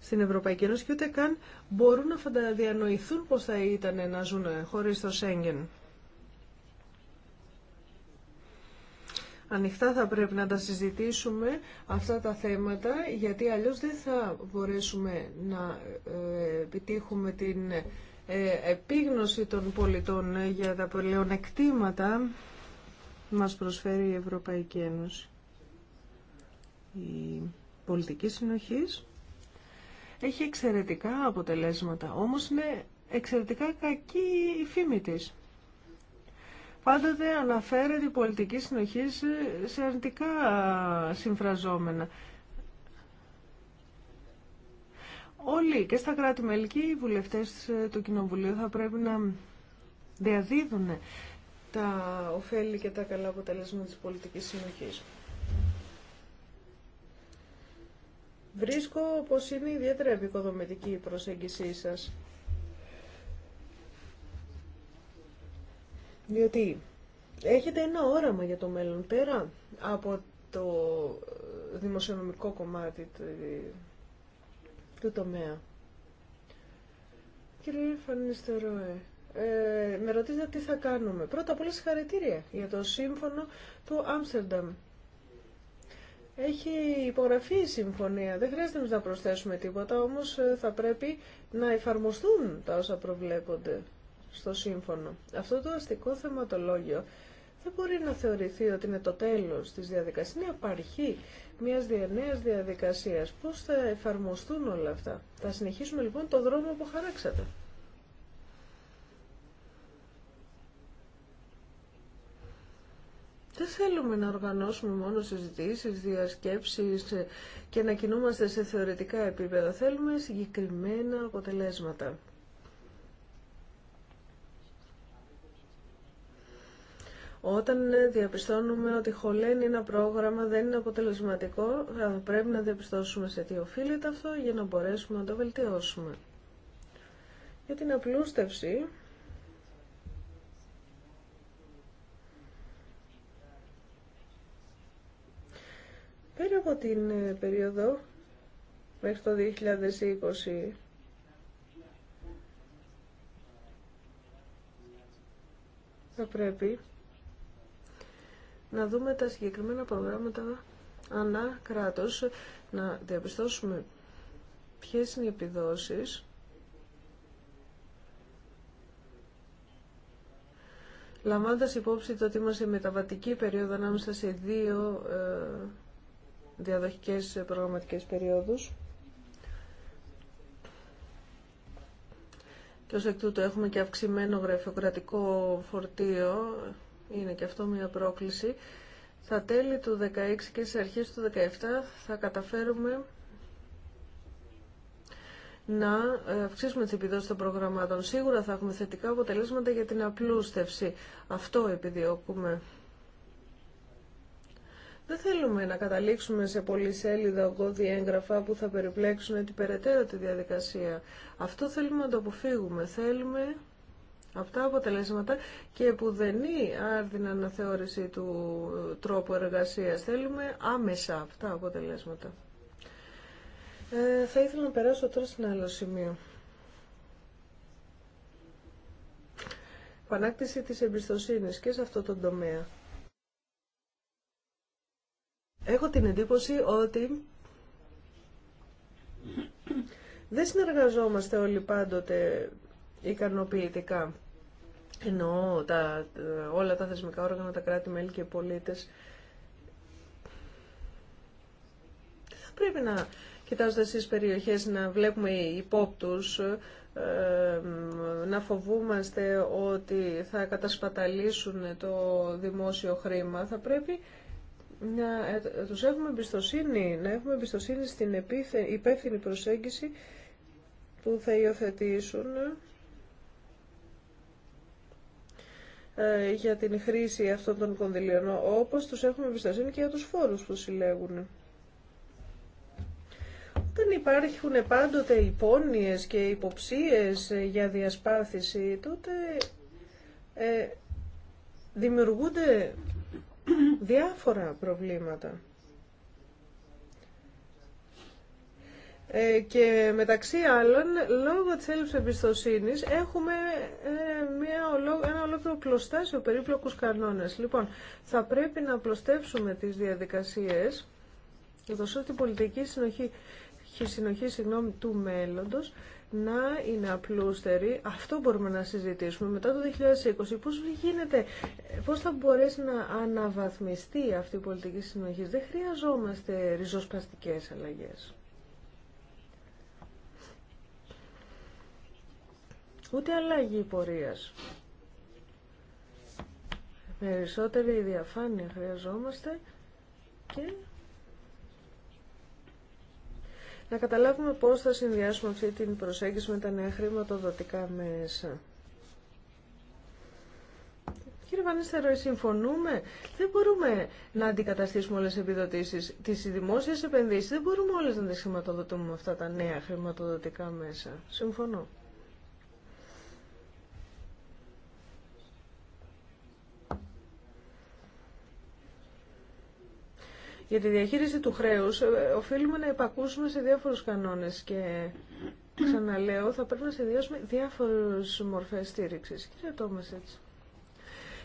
στην Ευρωπαϊκή Ένωση και ούτε καν μπορούν να διανοηθούν πώς θα ήταν να ζουν χωρίς το Σέγγεν. Ανοιχτά θα πρέπει να τα συζητήσουμε αυτά τα θέματα, γιατί αλλιώς δεν θα μπορέσουμε να ε, επιτύχουμε την ε, επίγνωση των πολιτών ε, για τα πλεονεκτήματα μας προσφέρει η Ευρωπαϊκή Ένωση. Η πολιτική συνοχής έχει εξαιρετικά αποτελέσματα, όμως είναι εξαιρετικά κακή η φήμη της. Πάντοτε αναφέρεται η πολιτική συνοχή ε, σε αρνητικά συμφραζόμενα. Όλοι και στα κράτη-μέλη και οι βουλευτές του Κοινοβουλίου θα πρέπει να διαδίδουν τα ωφέλη και τα καλά αποτελέσματα της πολιτικής συνοχής. Βρίσκω πως είναι ιδιαίτερα επικοδομητική η προσέγγισή σας. Διότι έχετε ένα όραμα για το μέλλον πέρα από το δημοσιονομικό κομμάτι του τομέα. Κύριε Φανιστερόε, ε, με ρωτήσατε τι θα κάνουμε. Πρώτα απ' όλα συγχαρητήρια για το σύμφωνο του Άμστερνταμ. Έχει υπογραφεί η συμφωνία, δεν χρειάζεται να προσθέσουμε τίποτα, όμως ε, θα πρέπει να εφαρμοστούν τα όσα προβλέπονται στο σύμφωνο. Αυτό το αστικό θεματολόγιο δεν μπορεί να θεωρηθεί ότι είναι το τέλος της διαδικασίας, είναι απαρχή μιας διανέας διαδικασίας. Πώς θα εφαρμοστούν όλα αυτά. Θα συνεχίσουμε λοιπόν το δρόμο που χαράξατε. Δεν θέλουμε να οργανώσουμε μόνο συζητήσεις, διασκέψεις και να κινούμαστε σε θεωρητικά επίπεδα. Θέλουμε συγκεκριμένα αποτελέσματα. Όταν διαπιστώνουμε ότι χωλαίνει ένα πρόγραμμα, δεν είναι αποτελεσματικό, θα πρέπει να διαπιστώσουμε σε τι οφείλεται αυτό για να μπορέσουμε να το βελτιώσουμε. Για την απλούστευση, πέρα από την ε, περίοδο μέχρι το 2020, θα πρέπει να δούμε τα συγκεκριμένα προγράμματα ανά κράτος, να διαπιστώσουμε ποιες είναι οι επιδόσεις, λαμβάνοντας υπόψη το ότι είμαστε μεταβατική περίοδο ανάμεσα σε δύο ε, διαδοχικές ε, προγραμματικές περίοδους. Και ως εκ τούτου έχουμε και αυξημένο γραφειοκρατικό φορτίο είναι και αυτό μια πρόκληση. Θα τέλη του 16 και στις αρχές του 17 θα καταφέρουμε να ε, αυξήσουμε τις επιδόσεις των προγραμμάτων. Σίγουρα θα έχουμε θετικά αποτελέσματα για την απλούστευση. Αυτό επιδιώκουμε. Δεν θέλουμε να καταλήξουμε σε πολυσέλιδα ογκώδη έγγραφα που θα περιπλέξουν την περαιτέρω τη διαδικασία. Αυτό θέλουμε να το αποφύγουμε. Θέλουμε αυτά αποτελέσματα και που δεν είναι άρδινα αναθεώρηση του τρόπου εργασίας. Θέλουμε άμεσα αυτά αποτελέσματα. Ε, θα ήθελα να περάσω τώρα στην άλλο σημείο. Πανάκτηση της εμπιστοσύνης και σε αυτό το τομέα. Έχω την εντύπωση ότι δεν συνεργαζόμαστε όλοι πάντοτε ικανοποιητικά εννοώ τα, ε, όλα τα θεσμικά όργανα, τα κράτη-μέλη και οι πολίτες, θα πρέπει να κοιτάζοντας τις περιοχές να βλέπουμε υπόπτους, ε, να φοβούμαστε ότι θα κατασπαταλήσουν το δημόσιο χρήμα, θα πρέπει να ε, τους έχουμε εμπιστοσύνη, να έχουμε εμπιστοσύνη στην υπεύθυνη προσέγγιση που θα υιοθετήσουν Ε, για την χρήση αυτών των κονδυλίων, όπως τους έχουμε εμπιστοσύνη και για τους φόρους που συλλέγουν. Όταν υπάρχουν πάντοτε υπόνοιες και υποψίες για διασπάθηση, τότε ε, δημιουργούνται διάφορα προβλήματα. Ε, και μεταξύ άλλων, λόγω της έλλειψης εμπιστοσύνη έχουμε ε, μια ένα ολόκληρο πλωστάσιο περίπλοκους κανόνες. Λοιπόν, θα πρέπει να απλωστεύσουμε τις διαδικασίες, δώσω την η πολιτική συνοχή, του μέλλοντος να είναι απλούστερη. Αυτό μπορούμε να συζητήσουμε μετά το 2020. Πώς γίνεται, πώς θα μπορέσει να αναβαθμιστεί αυτή η πολιτική συνοχή. Δεν χρειαζόμαστε ριζοσπαστικές αλλαγές. ούτε αλλαγή πορείας. Περισσότερη διαφάνεια χρειαζόμαστε και να καταλάβουμε πώς θα συνδυάσουμε αυτή την προσέγγιση με τα νέα χρηματοδοτικά μέσα. Κύριε Βανίστερο, συμφωνούμε. Δεν μπορούμε να αντικαταστήσουμε όλες τις επιδοτήσεις. Τις δημόσιες επενδύσεις δεν μπορούμε όλες να τις χρηματοδοτούμε με αυτά τα νέα χρηματοδοτικά μέσα. Συμφωνώ. Για τη διαχείριση του χρέους ε, οφείλουμε να υπακούσουμε σε διάφορους κανόνες και ξαναλέω θα πρέπει να συνδυάσουμε διάφορες μορφές στήριξης. Κύριε Τόμας έτσι.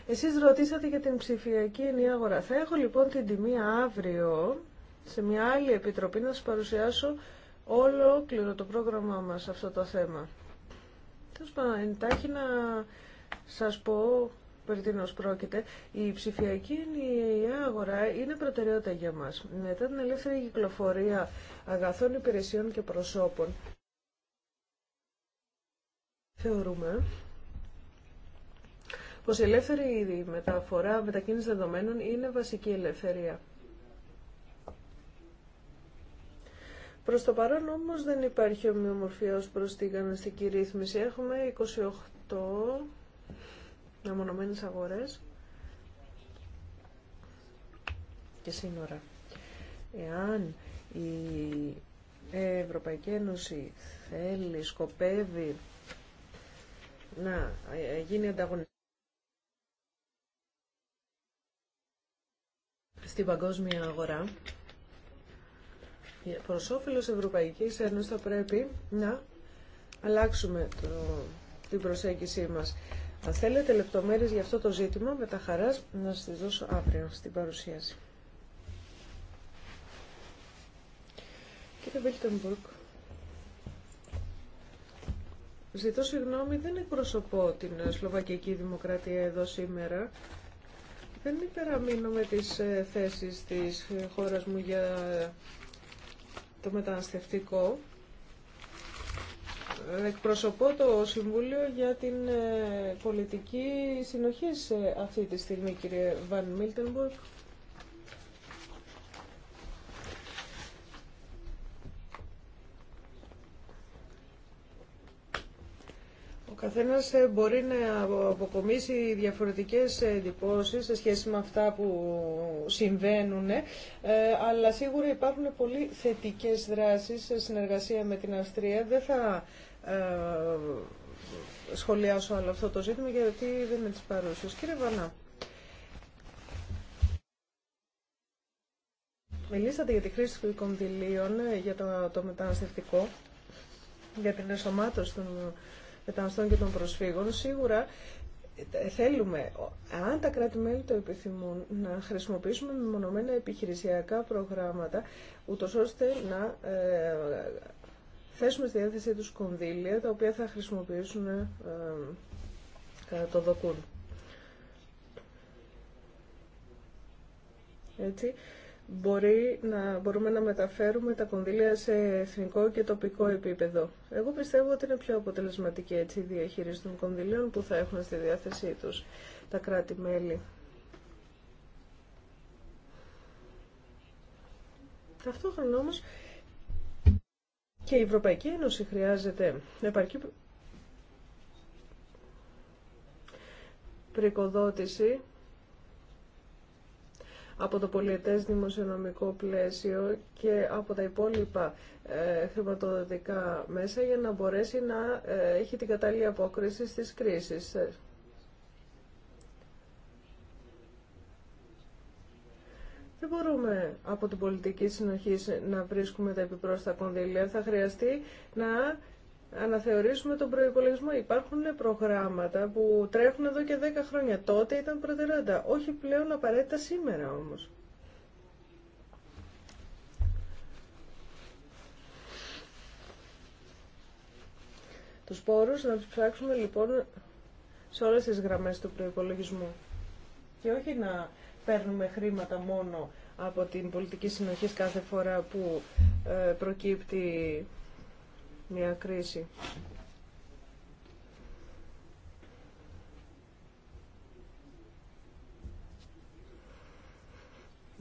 Εσείς ρωτήσατε για την ψηφιακή ενιαία αγορά. Θα έχω λοιπόν την τιμή αύριο σε μια άλλη επιτροπή να σας παρουσιάσω ολόκληρο το πρόγραμμά μας σε αυτό το θέμα. Θέλω εντάχει να σας πω περί τίνος πρόκειται, η ψηφιακή αγορά είναι προτεραιότητα για μας. Μετά την ελεύθερη κυκλοφορία αγαθών υπηρεσιών και προσώπων, θεωρούμε πως η ελεύθερη μεταφορά, μετακίνηση δεδομένων είναι βασική ελευθερία. Προς το παρόν όμως δεν υπάρχει ομοιομορφία ως προς την κανονιστική ρύθμιση. Έχουμε 28 Μονομένε αγορές και σύνορα. Εάν η Ευρωπαϊκή Ένωση θέλει, σκοπεύει να γίνει ανταγωνιστική στην παγκόσμια αγορά, προς όφελος Ευρωπαϊκής Ένωσης θα πρέπει να αλλάξουμε την προσέγγιση μας. Θα θέλετε λεπτομέρειες για αυτό το ζήτημα, με τα χαράς να σας τις δώσω αύριο στην παρουσίαση. Κύριε Βίλτεμπουργκ, ζητώ συγγνώμη, δεν εκπροσωπώ την Σλοβακική Δημοκρατία εδώ σήμερα. Δεν υπεραμείνω με τις ε, θέσεις της χώρας μου για το μεταναστευτικό εκπροσωπώ το Συμβούλιο για την ε, πολιτική συνοχή σε αυτή τη στιγμή, κύριε Βαν Μίλτεμπορκ. Ο καθένας ε, μπορεί να αποκομίσει διαφορετικές ε, εντυπώσεις σε σχέση με αυτά που συμβαίνουν, αλλά σίγουρα υπάρχουν πολύ θετικές δράσεις σε συνεργασία με την Αυστρία. Δεν θα ε, σχολιάσω άλλο αυτό το ζήτημα γιατί δεν είναι της παρούσης. Κύριε Βανά, μιλήσατε για τη χρήση των κονδυλίων, ε, για το, το μεταναστευτικό, για την ενσωμάτωση των μεταναστών και των προσφύγων. Σίγουρα ε, θέλουμε, αν τα κράτη-μέλη το επιθυμούν, να χρησιμοποιήσουμε μονομενα επιχειρησιακά προγράμματα, ούτως ώστε να θέσουμε στη διάθεσή τους κονδύλια τα οποία θα χρησιμοποιήσουν ε, κατά ε, ε, το δοκούν. Έτσι, μπορεί να, μπορούμε να μεταφέρουμε τα κονδύλια σε εθνικό και τοπικό επίπεδο. Εγώ πιστεύω ότι είναι πιο αποτελεσματική έτσι, η διαχείριση των κονδυλίων που θα έχουν στη διάθεσή τους τα κράτη-μέλη. Ταυτόχρονα όμως και η Ευρωπαϊκή Ένωση χρειάζεται επαρκή πρικοδότηση από το πολιετές δημοσιονομικό πλαίσιο και από τα υπόλοιπα ε, χρηματοδοτικά μέσα για να μπορέσει να ε, έχει την κατάλληλη απόκριση στις κρίσεις. Δεν μπορούμε από την πολιτική συνοχή να βρίσκουμε τα επιπρόσθετα κονδύλια. Θα χρειαστεί να αναθεωρήσουμε τον προπολογισμό. Υπάρχουν προγράμματα που τρέχουν εδώ και 10 χρόνια. Τότε ήταν προτεραιότητα. Όχι πλέον απαραίτητα σήμερα όμως. Τους πόρους να τους ψάξουμε λοιπόν σε όλες τις γραμμές του προϋπολογισμού. Και όχι να παίρνουμε χρήματα μόνο από την πολιτική συνοχή κάθε φορά που ε, προκύπτει μια κρίση.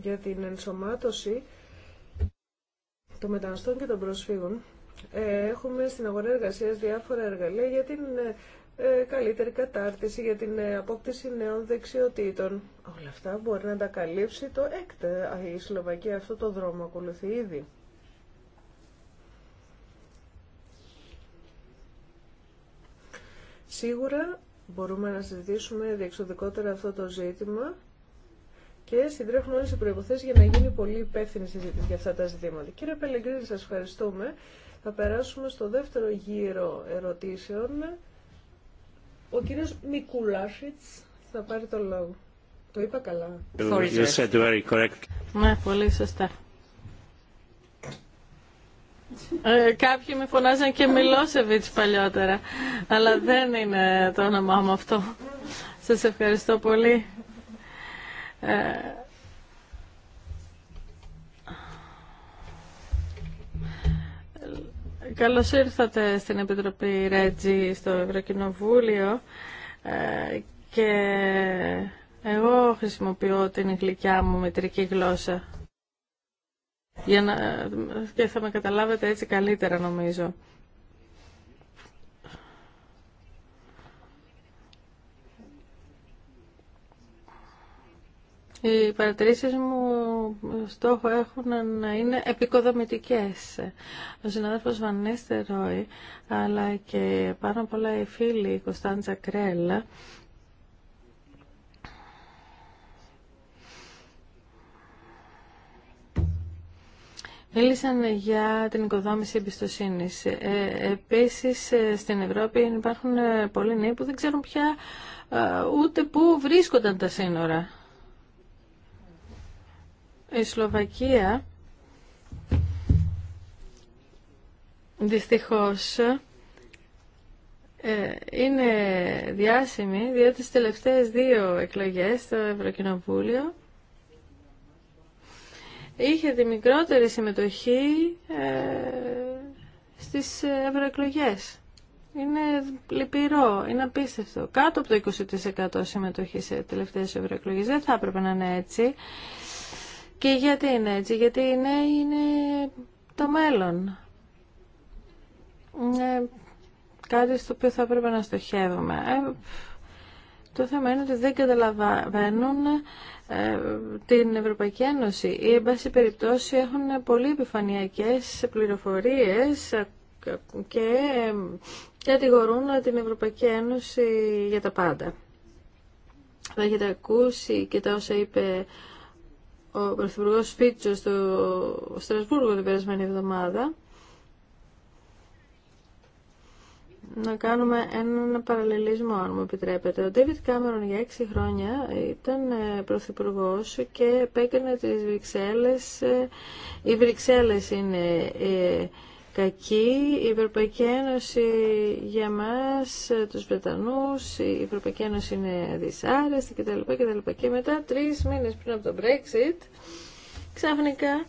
Για την ενσωμάτωση των μεταναστών και των προσφύγων ε, έχουμε στην αγορά εργασίας διάφορα εργαλεία για την ε, ε, καλύτερη κατάρτιση για την ε, απόκτηση νέων δεξιοτήτων. Όλα αυτά μπορεί να τα καλύψει το ΕΚΤΕ. Η Σλοβακία αυτό το δρόμο ακολουθεί ήδη. Σίγουρα μπορούμε να συζητήσουμε διεξοδικότερα αυτό το ζήτημα και συντρέχουν όλες οι προποθέσει για να γίνει πολύ υπεύθυνη συζήτηση για αυτά τα ζητήματα. Κύριε Πελεγκρίνη, σα ευχαριστούμε. Θα περάσουμε στο δεύτερο γύρο ερωτήσεων. Ο κύριος Μικουλάσιτς θα πάρει το λόγο. Το είπα καλά. You
said very correct.
Ναι, πολύ σωστά. Ε, κάποιοι με φωνάζαν και Μιλόσεβιτς παλιότερα, αλλά δεν είναι το όνομά μου αυτό. Σας ευχαριστώ πολύ. Ε, Καλώς ήρθατε στην Επιτροπή Ρέτζι στο Ευρωκοινοβούλιο ε, και εγώ χρησιμοποιώ την γλυκιά μου μετρική γλώσσα για να... και θα με καταλάβετε έτσι καλύτερα νομίζω. Οι παρατηρήσεις μου στόχο έχουν να είναι επικοδομητικές. Ο συνάδελφος Βανέστε Ρόι, αλλά και πάνω απ' όλα οι φίλοι η Κωνσταντζα Κρέλα, Μίλησαν για την οικοδόμηση εμπιστοσύνη. Ε, Επίση, ε, στην Ευρώπη υπάρχουν ε, πολλοί νέοι που δεν ξέρουν πια ε, ούτε πού βρίσκονταν τα σύνορα. Η Σλοβακία δυστυχώς ε, είναι διάσημη διότι στις τελευταίες δύο εκλογές στο Ευρωκοινοβούλιο είχε τη μικρότερη συμμετοχή ε, στις ευρωεκλογές. Είναι λυπηρό, είναι απίστευτο. Κάτω από το 20% συμμετοχή σε τελευταίες ευρωεκλογές δεν θα έπρεπε να είναι έτσι. Και γιατί είναι έτσι, γιατί είναι, είναι το μέλλον. κάτι στο οποίο θα έπρεπε να στοχεύουμε. Ε, το θέμα είναι ότι δεν καταλαβαίνουν ε, την Ευρωπαϊκή Ένωση ή, εν πάση περιπτώσει, έχουν πολύ επιφανειακές πληροφορίες και ε, κατηγορούν την Ευρωπαϊκή Ένωση για τα πάντα. Θα έχετε ακούσει και τα όσα είπε ο Πρωθυπουργό Φίτσο στο Στρασβούργο την περασμένη εβδομάδα να κάνουμε έναν παραλληλισμό, αν μου επιτρέπετε. Ο David Κάμερον για έξι χρόνια ήταν ε, πρωθυπουργό και επέκρινε τις Βρυξέλλες. Ε, οι Βρυξέλλες είναι ε, κακή. Η Ευρωπαϊκή Ένωση για μας, τους Βρετανούς, η Ευρωπαϊκή Ένωση είναι δυσάρεστη κτλ. κτλ. Και μετά, τρεις μήνες πριν από το Brexit, ξαφνικά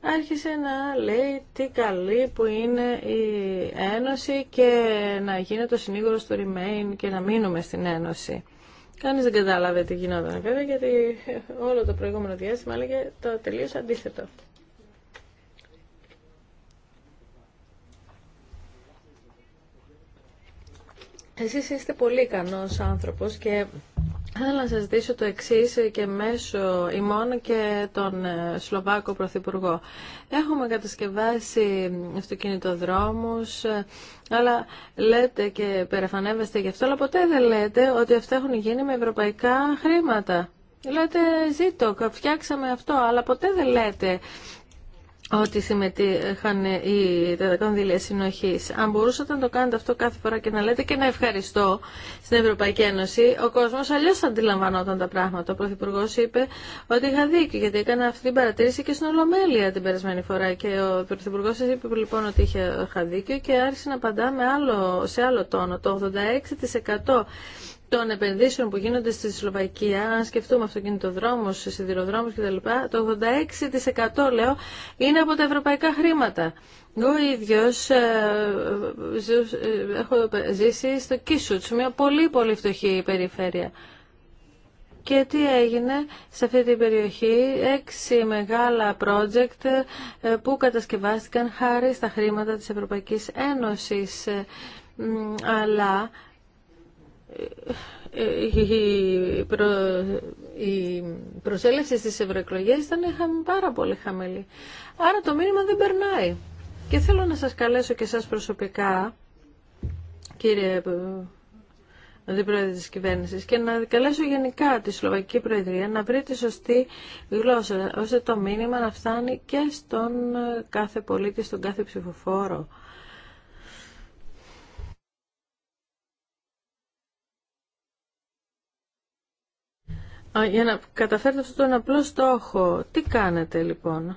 άρχισε να λέει τι καλή που είναι η Ένωση και να γίνεται το συνήγορο του Remain και να μείνουμε στην Ένωση. Κανείς δεν κατάλαβε τι γινόταν βέβαια γιατί όλο το προηγούμενο διάστημα έλεγε το τελείως αντίθετο. Εσείς είστε πολύ ικανός άνθρωπος και θέλω να σας ζητήσω το εξής και μέσω ημών και τον ε, Σλοβάκο Πρωθυπουργό. Έχουμε κατασκευάσει αυτοκινητοδρόμους, ε, αλλά λέτε και περαφανεύεστε γι' αυτό, αλλά ποτέ δεν λέτε ότι αυτά έχουν γίνει με ευρωπαϊκά χρήματα. Λέτε ζήτω, φτιάξαμε αυτό, αλλά ποτέ δεν λέτε ότι συμμετείχαν οι κονδύλια συνοχή. Αν μπορούσατε να το κάνετε αυτό κάθε φορά και να λέτε και να ευχαριστώ στην Ευρωπαϊκή Ένωση, ο κόσμο αλλιώ αντιλαμβανόταν τα πράγματα. Ο Πρωθυπουργό είπε ότι είχα δίκιο, γιατί έκανε αυτή την παρατήρηση και στην Ολομέλεια την περασμένη φορά. Και ο Πρωθυπουργό σα είπε λοιπόν ότι είχα δίκιο και άρχισε να απαντά άλλο, σε άλλο τόνο. Το 86% των επενδύσεων που γίνονται στη Σλοβακία, αν σκεφτούμε αυτοκινητοδρόμους, σιδηροδρόμους κτλ, το 86% λέω είναι από τα ευρωπαϊκά χρήματα. Εγώ ίδιος ε, ε, έχω ζήσει στο Κίσουτς, μια πολύ πολύ φτωχή περιφέρεια. Και τι έγινε σε αυτή την περιοχή, έξι μεγάλα project ε, που κατασκευάστηκαν χάρη στα χρήματα της Ευρωπαϊκής Ένωσης. Αλλά η, προσέλευση στις ευρωεκλογέ ήταν πάρα πολύ χαμηλή. Άρα το μήνυμα δεν περνάει. Και θέλω να σας καλέσω και σας προσωπικά, κύριε ε, Αντιπρόεδρε της Κυβέρνησης, και να καλέσω γενικά τη Σλοβακική Προεδρία να βρει τη σωστή γλώσσα, ώστε το μήνυμα να φτάνει και στον ε, κάθε πολίτη, στον κάθε ψηφοφόρο. Για να καταφέρετε αυτόν τον απλό στόχο, τι κάνετε λοιπόν.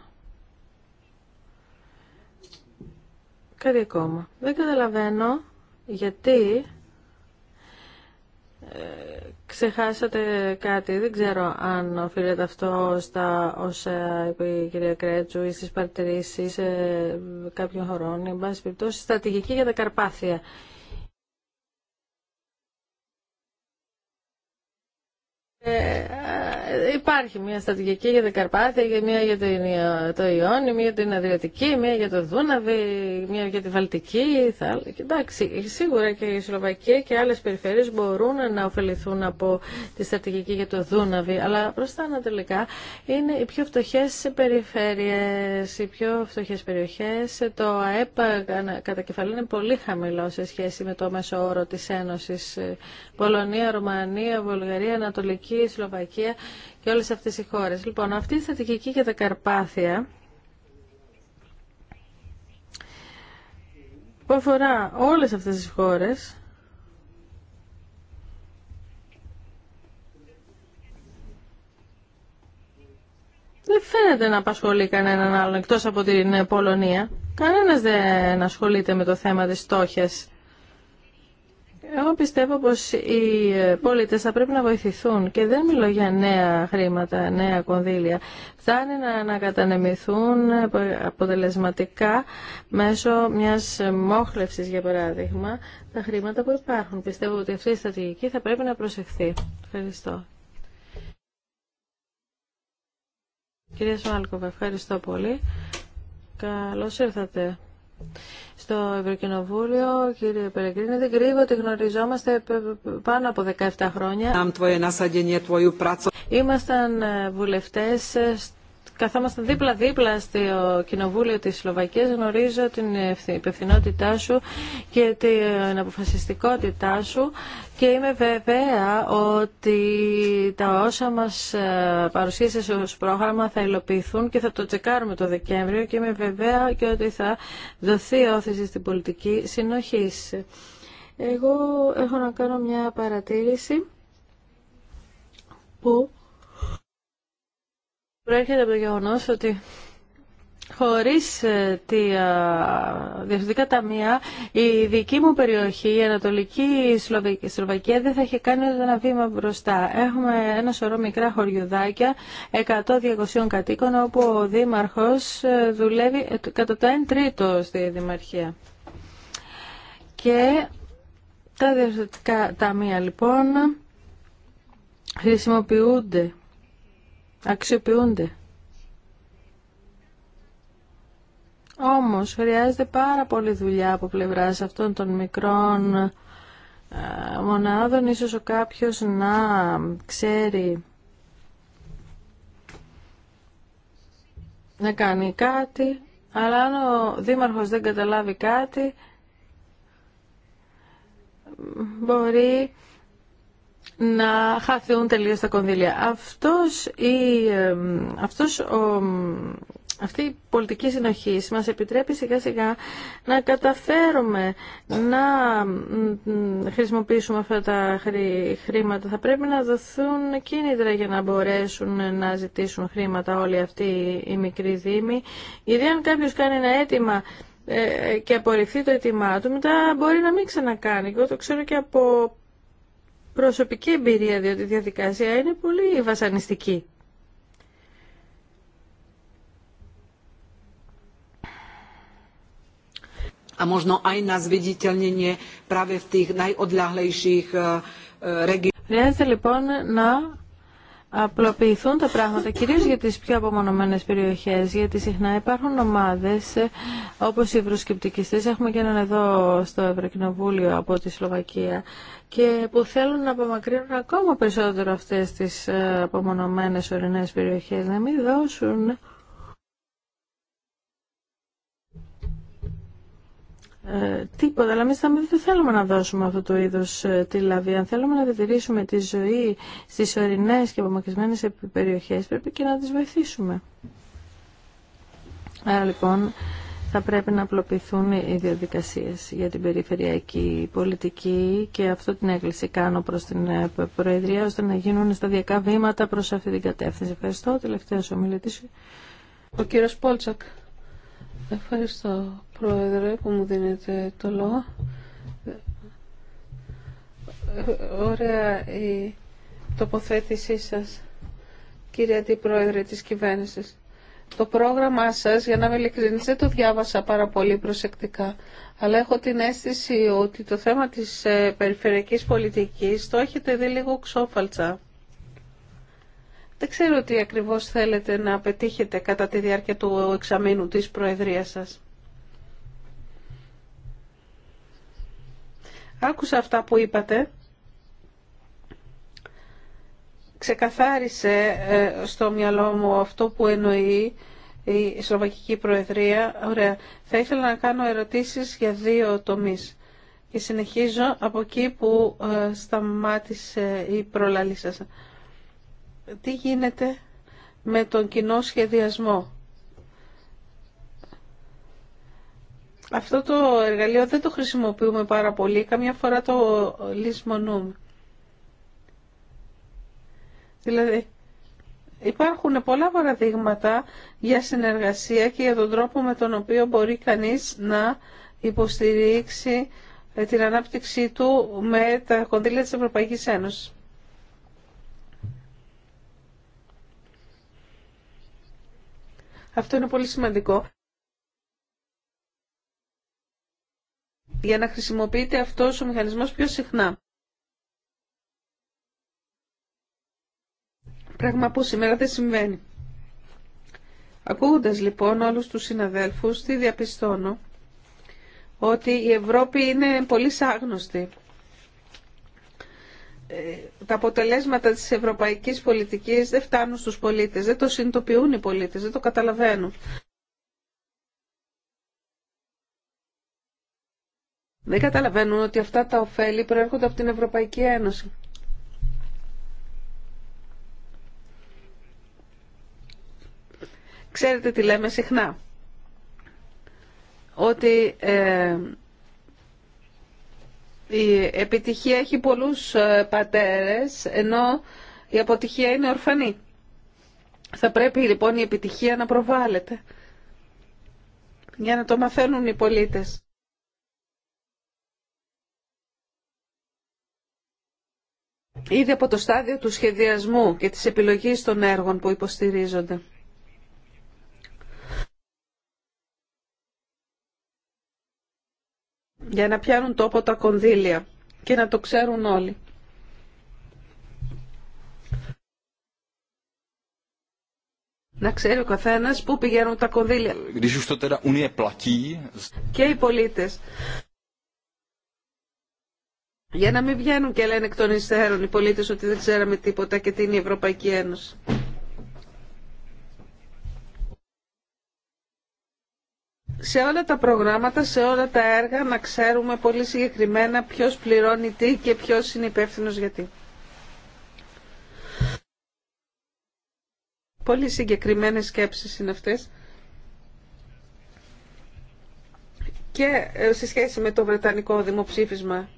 Κάτι ακόμα. Δεν καταλαβαίνω γιατί ε, ξεχάσατε κάτι. Δεν ξέρω αν οφείλεται αυτό στα όσα είπε η κυρία Κρέτσου ή στις παρτερίσεις, ε, κάποιων χωρών. Εν πάση περιπτώσει, στρατηγική για τα Καρπάθια. Ε, υπάρχει μια στρατηγική για την Καρπάθια, μια για το, ε, το Ιόνι, μια για την Αδριατική, μια για το Δούναβι, μια για τη Βαλτική. Θα... Εντάξει, σίγουρα και η Σλοβακία και άλλες περιφέρειες μπορούν να ωφεληθούν από τη στρατηγική για το Δούναβι, αλλά προς τα ανατολικά είναι οι πιο φτωχές περιφέρειες, οι πιο φτωχές περιοχές. Το ΑΕΠ κατά κεφαλή είναι πολύ χαμηλό σε σχέση με το μέσο όρο της Ένωσης. Ε, Πολωνία, Ρουμανία, Βουλγαρία, Ανατολική Τσεχία, η Σλοβακία και όλες αυτές οι χώρες. Λοιπόν, αυτή η στρατηγική για τα Καρπάθια που αφορά όλες αυτές τις χώρες δεν φαίνεται να απασχολεί κανέναν άλλον εκτός από την Πολωνία. Κανένας δεν ασχολείται με το θέμα της στόχιας. Εγώ πιστεύω πως οι ε, πολίτες θα πρέπει να βοηθηθούν και δεν μιλώ για νέα χρήματα, νέα κονδύλια. Φτάνει να ανακατανεμηθούν αποτελεσματικά μέσω μιας μόχλευσης, για παράδειγμα, τα χρήματα που υπάρχουν. Πιστεύω ότι αυτή η στρατηγική θα πρέπει να προσεχθεί. Ευχαριστώ. Κυρία Σμάλκοβα, ευχαριστώ πολύ. Καλώς ήρθατε στο Ευρωκοινοβούλιο, κύριε Περεγκρίνη, δεν κρύβω ότι γνωριζόμαστε πάνω από 17 χρόνια. Ήμασταν ε, βουλευτές ε, καθομαστε διπλα δίπλα-δίπλα στο Κοινοβούλιο της Σλοβακίας γνωρίζω την υπευθυνότητά σου και την αποφασιστικότητά σου και είμαι βέβαια ότι τα όσα μας ε, παρουσίασες ως πρόγραμμα θα υλοποιηθούν και θα το τσεκάρουμε το Δεκέμβριο και είμαι βέβαια και ότι θα δοθεί όθηση στην πολιτική συνοχή. Εγώ έχω να κάνω μια παρατήρηση που προέρχεται από το γεγονό ότι χωρίς ε, τη διευθυντικά ταμεία η δική μου περιοχή, η Ανατολική Σλοβακία δεν θα είχε ούτε ένα βήμα μπροστά. Έχουμε ένα σωρό μικρά χωριουδάκια 100-200 κατοίκων όπου ο δήμαρχος ε, δουλεύει ε, κατά το 1 τρίτο στη δημαρχία. Και τα διευθυντικά ταμεία λοιπόν χρησιμοποιούνται αξιοποιούνται. Όμως χρειάζεται πάρα πολλή δουλειά από πλευράς αυτών των μικρών ε, μονάδων. Ίσως ο κάποιος να ξέρει να κάνει κάτι, αλλά αν ο δήμαρχος δεν καταλάβει κάτι, μπορεί να χαθούν τελείως τα κονδύλια. Αυτός, η, αυτός ο, αυτή η πολιτική συνοχή μας επιτρέπει σιγά σιγά να καταφέρουμε να χρησιμοποιήσουμε αυτά τα χρήματα. Θα πρέπει να δοθούν κίνητρα για να μπορέσουν να ζητήσουν χρήματα όλοι αυτοί οι μικροί δήμοι. Γιατί αν κάποιος κάνει ένα αίτημα ε, και απορριφθεί το αίτημά του, μετά μπορεί να μην ξανακάνει. Εγώ το ξέρω και από προσωπική εμπειρία, διότι η διαδικασία είναι πολύ βασανιστική. a možno aj na eh, eh, Χρειάζεται λοιπόν να απλοποιηθούν τα πράγματα, κυρίω για τι πιο απομονωμένες περιοχέ, γιατί συχνά υπάρχουν ομάδε ε, όπω οι ευρωσκεπτικιστέ. έχουμε και έναν εδώ στο Ευρωκοινοβούλιο από τη Σλοβακία, και που θέλουν να απομακρύνουν ακόμα περισσότερο αυτές τις ε, απομονωμένες ορεινές περιοχές, να μην δώσουν Ε, τίποτα, αλλά εμεί δεν θέλουμε να δώσουμε αυτό το είδο ε, τη λαβή. Αν θέλουμε να διατηρήσουμε τη ζωή στι ορεινέ και απομακρυσμένε περιοχέ, πρέπει και να τι βοηθήσουμε. Άρα λοιπόν, θα πρέπει να απλοποιηθούν οι διαδικασίες για την περιφερειακή πολιτική και αυτό την έκκληση κάνω προς την ε, Προεδρία ώστε να γίνουν σταδιακά βήματα προς αυτή την κατεύθυνση. Ευχαριστώ. Τελευταίος ομιλητής. Ο κύριος Πόλτσακ. Ευχαριστώ Πρόεδρε που μου δίνετε
το λόγο. Ωραία η τοποθέτησή σας κύριε Αντιπρόεδρε της κυβέρνησης το πρόγραμμά σας, για να με δεν το διάβασα πάρα πολύ προσεκτικά, αλλά έχω την αίσθηση ότι το θέμα της ε, περιφερειακής πολιτικής το έχετε δει λίγο ξόφαλτσα. Δεν ξέρω τι ακριβώς θέλετε να πετύχετε κατά τη διάρκεια του εξαμήνου της Προεδρίας σας. Άκουσα αυτά που είπατε ξεκαθάρισε ε, στο μυαλό μου αυτό που εννοεί η Σλοβακική Προεδρία. Ωραία. Θα ήθελα να κάνω ερωτήσεις για δύο τομείς. Και συνεχίζω από εκεί που ε, σταμάτησε η προλαλή σας. Τι γίνεται με τον κοινό σχεδιασμό. Αυτό το εργαλείο δεν το χρησιμοποιούμε πάρα πολύ. Καμιά φορά το λησμονούμε. Δηλαδή, υπάρχουν πολλά παραδείγματα για συνεργασία και για τον τρόπο με τον οποίο μπορεί κανείς να υποστηρίξει ε, την ανάπτυξή του με τα κονδύλια της Ευρωπαϊκής Ένωσης. Αυτό είναι πολύ σημαντικό. Για να χρησιμοποιείται αυτός ο μηχανισμός πιο συχνά. Πράγμα που σήμερα δεν συμβαίνει. Ακούγοντας λοιπόν όλους τους συναδέλφους, τι διαπιστώνω, ότι η Ευρώπη είναι πολύ άγνωστη. Ε, τα αποτελέσματα της ευρωπαϊκής πολιτικής δεν φτάνουν στους πολίτες, δεν το συνειδητοποιούν οι πολίτες, δεν το καταλαβαίνουν. Δεν καταλαβαίνουν ότι αυτά τα ωφέλη προέρχονται από την Ευρωπαϊκή Ένωση. Ξέρετε τι λέμε συχνά. Ότι ε, η επιτυχία έχει πολλούς ε, πατέρες, ενώ η αποτυχία είναι ορφανή. Θα πρέπει λοιπόν η επιτυχία να προβάλλεται για να το μαθαίνουν οι πολίτες. Ήδη από το στάδιο του σχεδιασμού και της επιλογής των έργων που υποστηρίζονται. για να πιάνουν τόπο τα κονδύλια και να το ξέρουν όλοι. Να ξέρει ο καθένας πού πηγαίνουν τα κονδύλια. Και οι πολίτε. Για να μην βγαίνουν και λένε εκ των υστέρων οι πολίτες ότι δεν ξέραμε τίποτα και τι είναι η Ευρωπαϊκή Ένωση. σε όλα τα προγράμματα, σε όλα τα έργα να ξέρουμε πολύ συγκεκριμένα ποιος πληρώνει τι και ποιος είναι υπεύθυνο γιατί. Πολύ συγκεκριμένες σκέψεις είναι αυτές. Και ε, σε σχέση με το Βρετανικό δημοψήφισμα.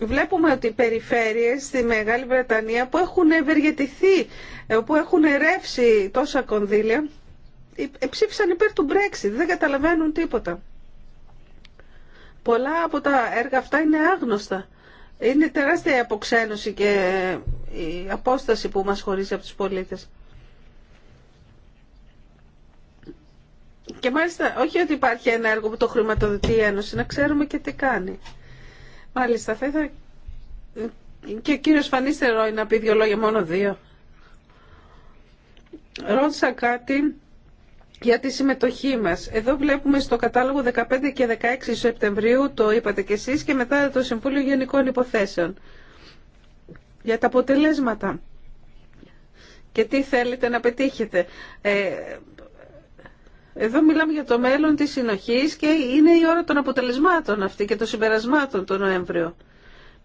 Βλέπουμε ότι οι περιφέρειες στη Μεγάλη Βρετανία που έχουν ευεργετηθεί, ε, που έχουν ρεύσει τόσα κονδύλια, ε, ψήφισαν υπέρ του Brexit, δεν καταλαβαίνουν τίποτα. Πολλά από τα έργα αυτά είναι άγνωστα. Είναι τεράστια η αποξένωση και η απόσταση που μας χωρίζει από τους πολίτες. Και μάλιστα όχι ότι υπάρχει ένα έργο που το χρηματοδοτεί η Ένωση, να ξέρουμε και τι κάνει. Μάλιστα, θα ήθελα και ο κύριος Φανίστερο να πει δύο λόγια, μόνο δύο. Ρώτησα κάτι για τη συμμετοχή μας. Εδώ βλέπουμε στο κατάλογο 15 και 16 Σεπτεμβρίου, το είπατε και εσείς, και μετά το Συμβούλιο Γενικών Υποθέσεων. Για τα αποτελέσματα και τι θέλετε να πετύχετε. Ε, εδώ μιλάμε για το μέλλον της συνοχής και είναι η ώρα των αποτελεσμάτων αυτή και των συμπερασμάτων τον Νοέμβριο.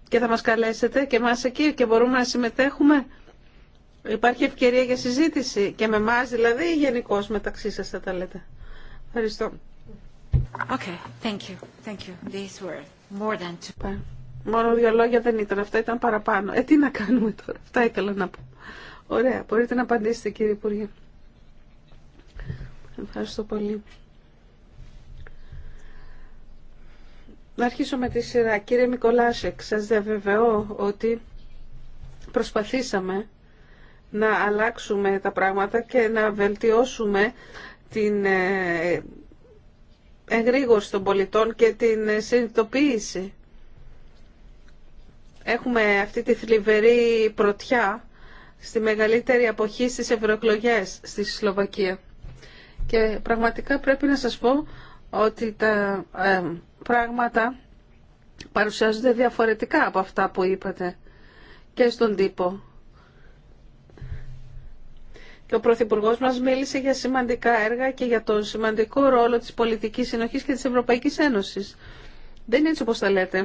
Και θα μας καλέσετε και μας εκεί και μπορούμε να συμμετέχουμε. Υπάρχει ευκαιρία για συζήτηση και με εμά δηλαδή ή γενικώ μεταξύ σας θα τα λέτε. Ευχαριστώ. Okay, thank you. Thank you. These were more than two. Μόνο δύο λόγια δεν ήταν, αυτά ήταν παραπάνω. Ε, τι να κάνουμε τώρα, αυτά ήθελα να πω. Ωραία, μπορείτε να απαντήσετε κύριε Υπουργέ. Ευχαριστώ πολύ. Να αρχίσω με τη σειρά. Κύριε Μικολάσεκ, σας διαβεβαιώ ότι προσπαθήσαμε να αλλάξουμε τα πράγματα και να βελτιώσουμε την ε, εγρήγορση των πολιτών και την ε, συνειδητοποίηση. Έχουμε αυτή τη θλιβερή πρωτιά στη μεγαλύτερη αποχή στις ευρωεκλογέ στη Σλοβακία. Και πραγματικά πρέπει να σας πω ότι τα ε, πράγματα παρουσιάζονται διαφορετικά από αυτά που είπατε και στον τύπο και ο Πρωθυπουργό μα μίλησε για σημαντικά έργα και για τον σημαντικό ρόλο τη πολιτική συνοχή και τη Ευρωπαϊκή Ένωση. Δεν είναι έτσι όπω τα λέτε.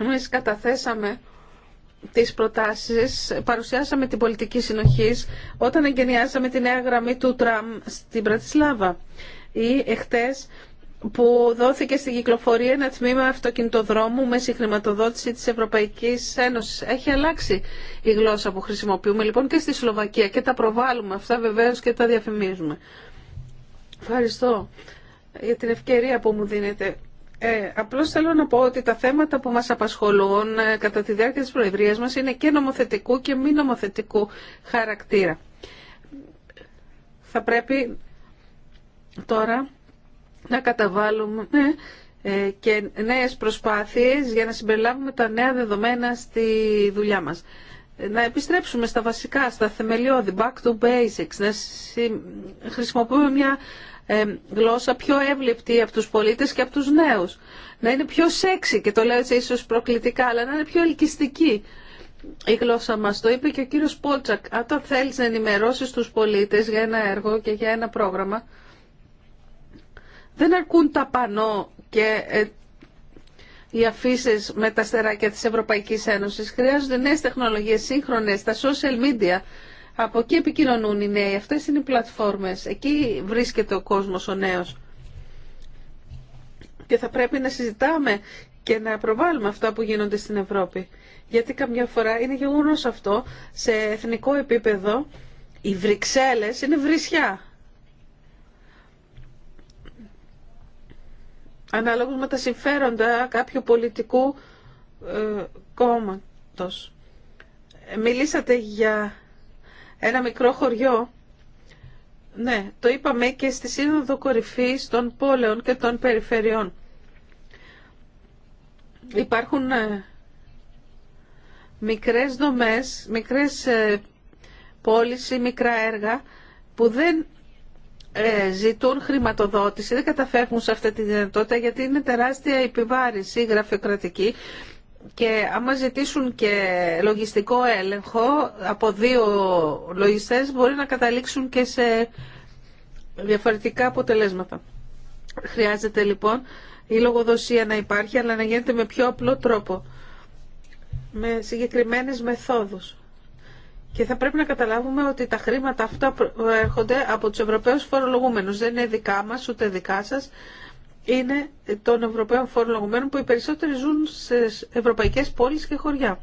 Εμεί καταθέσαμε τις προτάσεις, παρουσιάσαμε την πολιτική συνοχή όταν εγκαινιάσαμε τη νέα γραμμή του τραμ στην Πρατισλάβα. Ή εχθές που δόθηκε στην κυκλοφορία ένα τμήμα αυτοκινητοδρόμου με συγχρηματοδότηση της Ευρωπαϊκής Ένωσης. Έχει αλλάξει η γλώσσα που χρησιμοποιούμε λοιπόν και στη Σλοβακία και τα προβάλλουμε αυτά βεβαίως και τα διαφημίζουμε. Ευχαριστώ για την ευκαιρία που μου δίνετε. Ε, απλώς θέλω να πω ότι τα θέματα που μας απασχολούν ε, κατά τη διάρκεια της Προεδρίας μας είναι και νομοθετικού και μη νομοθετικού χαρακτήρα. Θα πρέπει τώρα να καταβάλουμε ε, και νέες προσπάθειες για να συμπεριλάβουμε τα νέα δεδομένα στη δουλειά μας. Να επιστρέψουμε στα βασικά, στα θεμελιώδη, back to basics, να χρησιμοποιούμε μια ε, γλώσσα πιο εύληπτη από τους πολίτες και από τους νέους. Να είναι πιο sexy, και το λέω έτσι ίσως προκλητικά, αλλά να είναι πιο ελκυστική η γλώσσα μας. Το είπε και ο κύριος Πότσακ. αν θέλεις να ενημερώσεις τους πολίτες για ένα έργο και για ένα πρόγραμμα, δεν αρκούν τα πανό και ε, οι αφήσει με τα στεράκια της Ευρωπαϊκής Ένωσης. Χρειάζονται νέες τεχνολογίες, σύγχρονες, τα social media. Από εκεί επικοινωνούν οι νέοι. Αυτές είναι οι πλατφόρμες. Εκεί βρίσκεται ο κόσμος ο νέος. Και θα πρέπει να συζητάμε και να προβάλλουμε αυτά που γίνονται στην Ευρώπη. Γιατί καμιά φορά είναι γεγονός αυτό σε εθνικό επίπεδο. Οι Βρυξέλλες είναι βρισιά. ανάλογως με τα συμφέροντα κάποιου πολιτικού ε, κόμματος. Ε, μιλήσατε για ένα μικρό χωριό. Ναι, το είπαμε και στη Σύνοδο Κορυφής των Πόλεων και των Περιφερειών. Υπάρχουν ε, μικρές δομές, μικρές ε, πόλεις ή μικρά έργα που δεν ε, ζητούν χρηματοδότηση, δεν καταφεύγουν σε αυτή τη δυνατότητα γιατί είναι τεράστια επιβάρηση γραφειοκρατική και άμα ζητήσουν και λογιστικό έλεγχο από δύο λογιστές μπορεί να καταλήξουν και σε διαφορετικά αποτελέσματα. Χρειάζεται λοιπόν η λογοδοσία να υπάρχει αλλά να γίνεται με πιο απλό τρόπο, με συγκεκριμένες μεθόδους. Και θα πρέπει να καταλάβουμε ότι τα χρήματα αυτά έρχονται από τους Ευρωπαίους φορολογούμενους. Δεν είναι δικά μας, ούτε δικά σας. Είναι των Ευρωπαίων φορολογουμένων που οι περισσότεροι ζουν σε ευρωπαϊκές πόλεις και χωριά.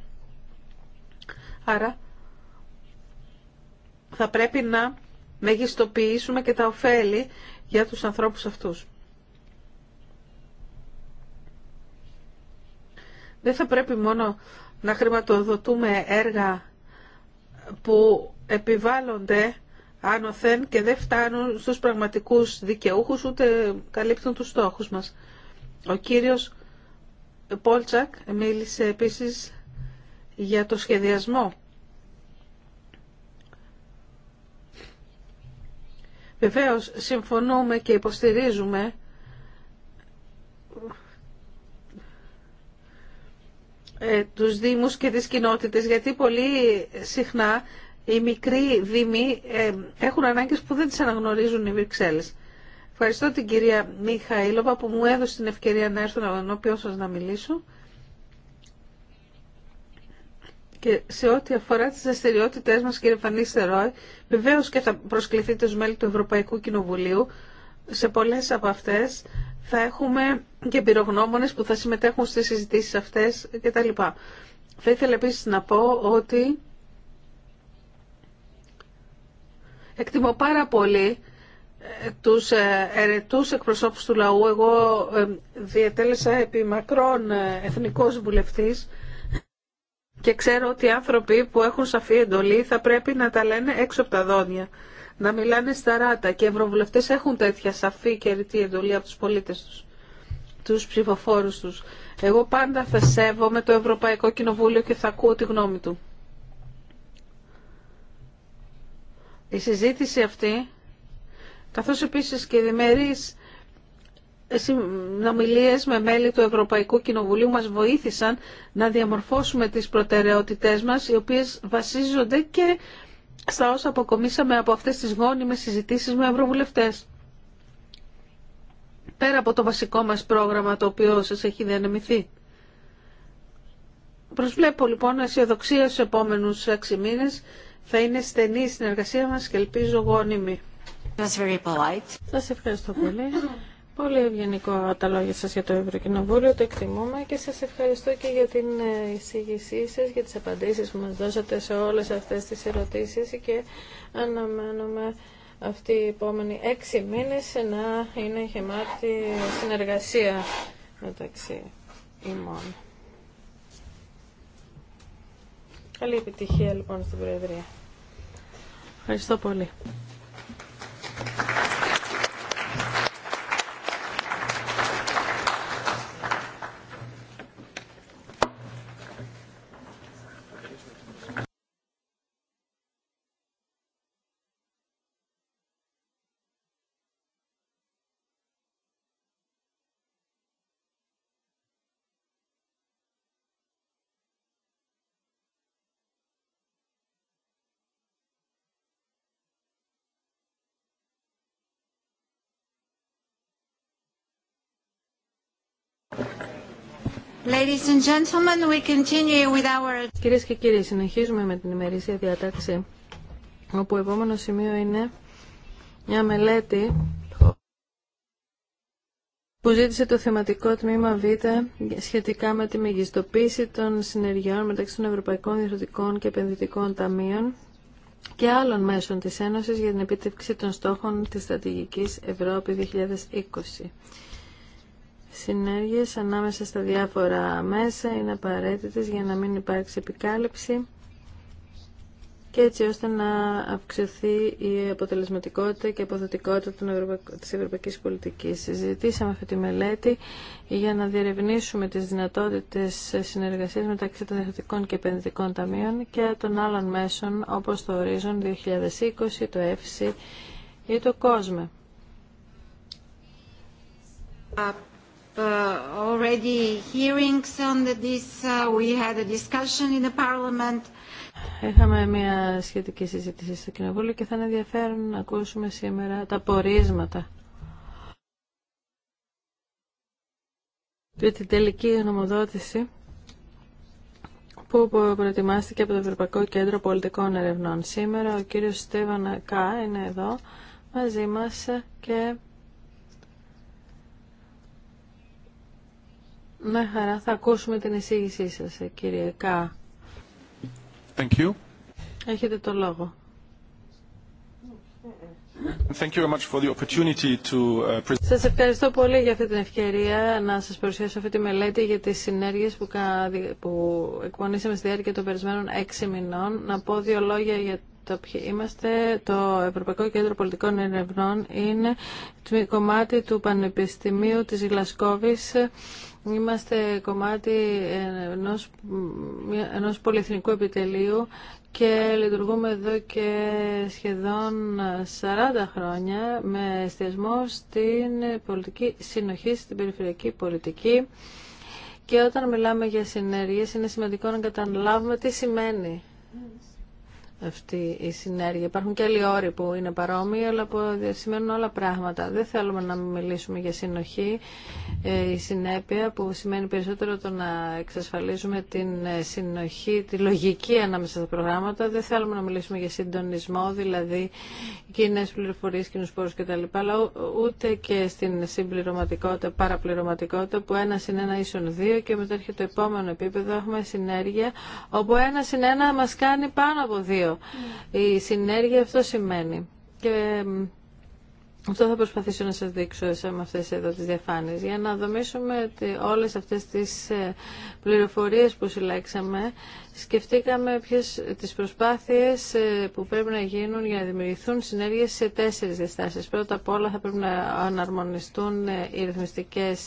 Άρα θα πρέπει να μεγιστοποιήσουμε και τα ωφέλη για τους ανθρώπους αυτούς. Δεν θα πρέπει μόνο να χρηματοδοτούμε έργα που επιβάλλονται άνωθεν και δεν φτάνουν στους πραγματικούς δικαιούχους ούτε καλύπτουν τους στόχους μας. Ο κύριος Πόλτσακ μίλησε επίσης για το σχεδιασμό. Βεβαίως συμφωνούμε και υποστηρίζουμε Ε, τους Δήμους και τις κοινότητες, γιατί πολύ συχνά οι μικροί Δήμοι ε, έχουν ανάγκες που δεν τις αναγνωρίζουν οι Βρυξέλλες. Ευχαριστώ την κυρία Μιχαήλοβα που μου έδωσε την ευκαιρία να έρθω να ενώπιον σας να μιλήσω. Και σε ό,τι αφορά τις δραστηριότητε μας, κύριε Φανίστε Ρόε, βεβαίως και θα προσκληθείτε ως μέλη του Ευρωπαϊκού Κοινοβουλίου σε πολλές από αυτές θα έχουμε και πυρογνώμονε που θα συμμετέχουν στι συζητήσει αυτές κτλ. Θα ήθελα επίσης να πω ότι εκτιμώ πάρα πολύ ε, τους ε, ερετούς εκπροσώπους του λαού. Εγώ ε, διατέλεσα επί μακρόν εθνικός βουλευτής και ξέρω ότι οι άνθρωποι που έχουν σαφή εντολή θα πρέπει να τα λένε έξω από τα δόντια να μιλάνε στα ράτα και οι ευρωβουλευτές έχουν τέτοια σαφή και ρητή εντολή από τους πολίτες τους τους ψηφοφόρους τους. Εγώ πάντα θα σέβομαι το Ευρωπαϊκό Κοινοβούλιο και θα ακούω τη γνώμη του. Η συζήτηση αυτή, καθώς επίσης και οι διμερείς συνομιλίες με μέλη του Ευρωπαϊκού Κοινοβουλίου μας βοήθησαν να διαμορφώσουμε τις προτεραιότητές μας, οι οποίες βασίζονται και στα όσα αποκομίσαμε από αυτές τις γόνιμες συζητήσεις με ευρωβουλευτές. Πέρα από το βασικό μας πρόγραμμα το οποίο σας έχει διανεμηθεί. Προσβλέπω λοιπόν αισιοδοξία στους επόμενους έξι μήνες. Θα είναι στενή η συνεργασία
μας και ελπίζω γόνιμη. Σας ευχαριστώ πολύ. Πολύ ευγενικό τα λόγια σας για το Ευρωκοινοβούλιο, το εκτιμούμε και σας ευχαριστώ και για την ε, εισήγησή σας, για τις απαντήσεις που μας δώσατε σε όλες αυτές τις ερωτήσεις και αναμένουμε αυτή οι επόμενη έξι μήνες να είναι γεμάτη συνεργασία μεταξύ ημών. Καλή επιτυχία λοιπόν στην Προεδρία. Ευχαριστώ πολύ. Κυρίες και κύριοι, συνεχίζουμε με την ημερήσια διατάξη, όπου επόμενο σημείο είναι μια μελέτη που ζήτησε το θεματικό τμήμα Β σχετικά με τη μεγιστοποίηση των συνεργειών μεταξύ των Ευρωπαϊκών Διευθυντικών και Επενδυτικών Ταμείων και άλλων μέσων της Ένωσης για την επίτευξη των στόχων της Στρατηγικής Ευρώπη 2020 συνέργειες ανάμεσα στα διάφορα μέσα είναι απαραίτητες για να μην υπάρξει επικάλυψη και έτσι ώστε να αυξηθεί η αποτελεσματικότητα και η αποδοτικότητα της ευρωπαϊκής πολιτικής. Συζητήσαμε αυτή τη μελέτη για να διερευνήσουμε τις δυνατότητες συνεργασίας μεταξύ των εθνικών και επενδυτικών ταμείων και των άλλων μέσων όπως το Horizon 2020, το EFSI ή το COSME
already
Είχαμε μια σχετική συζήτηση στο Κοινοβούλιο και θα είναι ενδιαφέρον να ακούσουμε σήμερα τα πορίσματα για την τελική γνωμοδότηση που προετοιμάστηκε από το Ευρωπαϊκό Κέντρο Πολιτικών Ερευνών. Σήμερα ο κύριος Στέβαν Κά είναι εδώ μαζί μας και Με χαρά θα ακούσουμε την εισήγησή σας, ε, κύριε Κά. Thank you. Έχετε το λόγο. Thank you very much for the opportunity to... Uh, σας ευχαριστώ πολύ για αυτή την ευκαιρία να σας παρουσιάσω αυτή τη μελέτη για τις συνέργειες που, που εκπονήσαμε στη διάρκεια των περισμένων έξι μηνών. Να πω δύο λόγια για το ποιοι είμαστε. Το Ευρωπαϊκό Κέντρο Πολιτικών Ερευνών είναι κομμάτι του Πανεπιστημίου της Γλασκόβης Είμαστε κομμάτι ενός, ενός πολυεθνικού επιτελείου και λειτουργούμε εδώ και σχεδόν 40 χρόνια με εστιασμό στην πολιτική συνοχή, στην περιφερειακή πολιτική και όταν μιλάμε για συνέργειες είναι σημαντικό να καταλάβουμε τι σημαίνει αυτή η συνέργεια. Υπάρχουν και άλλοι όροι που είναι παρόμοιοι, αλλά που σημαίνουν όλα πράγματα. Δεν θέλουμε να μιλήσουμε για συνοχή, ε, η συνέπεια που σημαίνει περισσότερο το να εξασφαλίζουμε την ε, συνοχή, τη λογική ανάμεσα στα προγράμματα. Δεν θέλουμε να μιλήσουμε για συντονισμό, δηλαδή κοινέ πληροφορίε, κοινού πόρου κτλ. Αλλά ούτε και στην συμπληρωματικότητα, παραπληρωματικότητα που ένα είναι ένα ίσον δύο και μετά έρχεται το επόμενο επίπεδο. Έχουμε συνέργεια όπου ένα είναι ένα μα κάνει πάνω από δύο. Η συνέργεια αυτό σημαίνει. Και αυτό θα προσπαθήσω να σας δείξω με αυτές εδώ τις διαφάνειες για να δομήσουμε ότι όλες αυτές τις ε, πληροφορίες που συλλέξαμε σκεφτήκαμε ποιες τις προσπάθειες ε, που πρέπει να γίνουν για να δημιουργηθούν συνέργειες σε τέσσερις διαστάσεις. Πρώτα απ' όλα θα πρέπει να αναρμονιστούν ε, οι ρυθμιστικές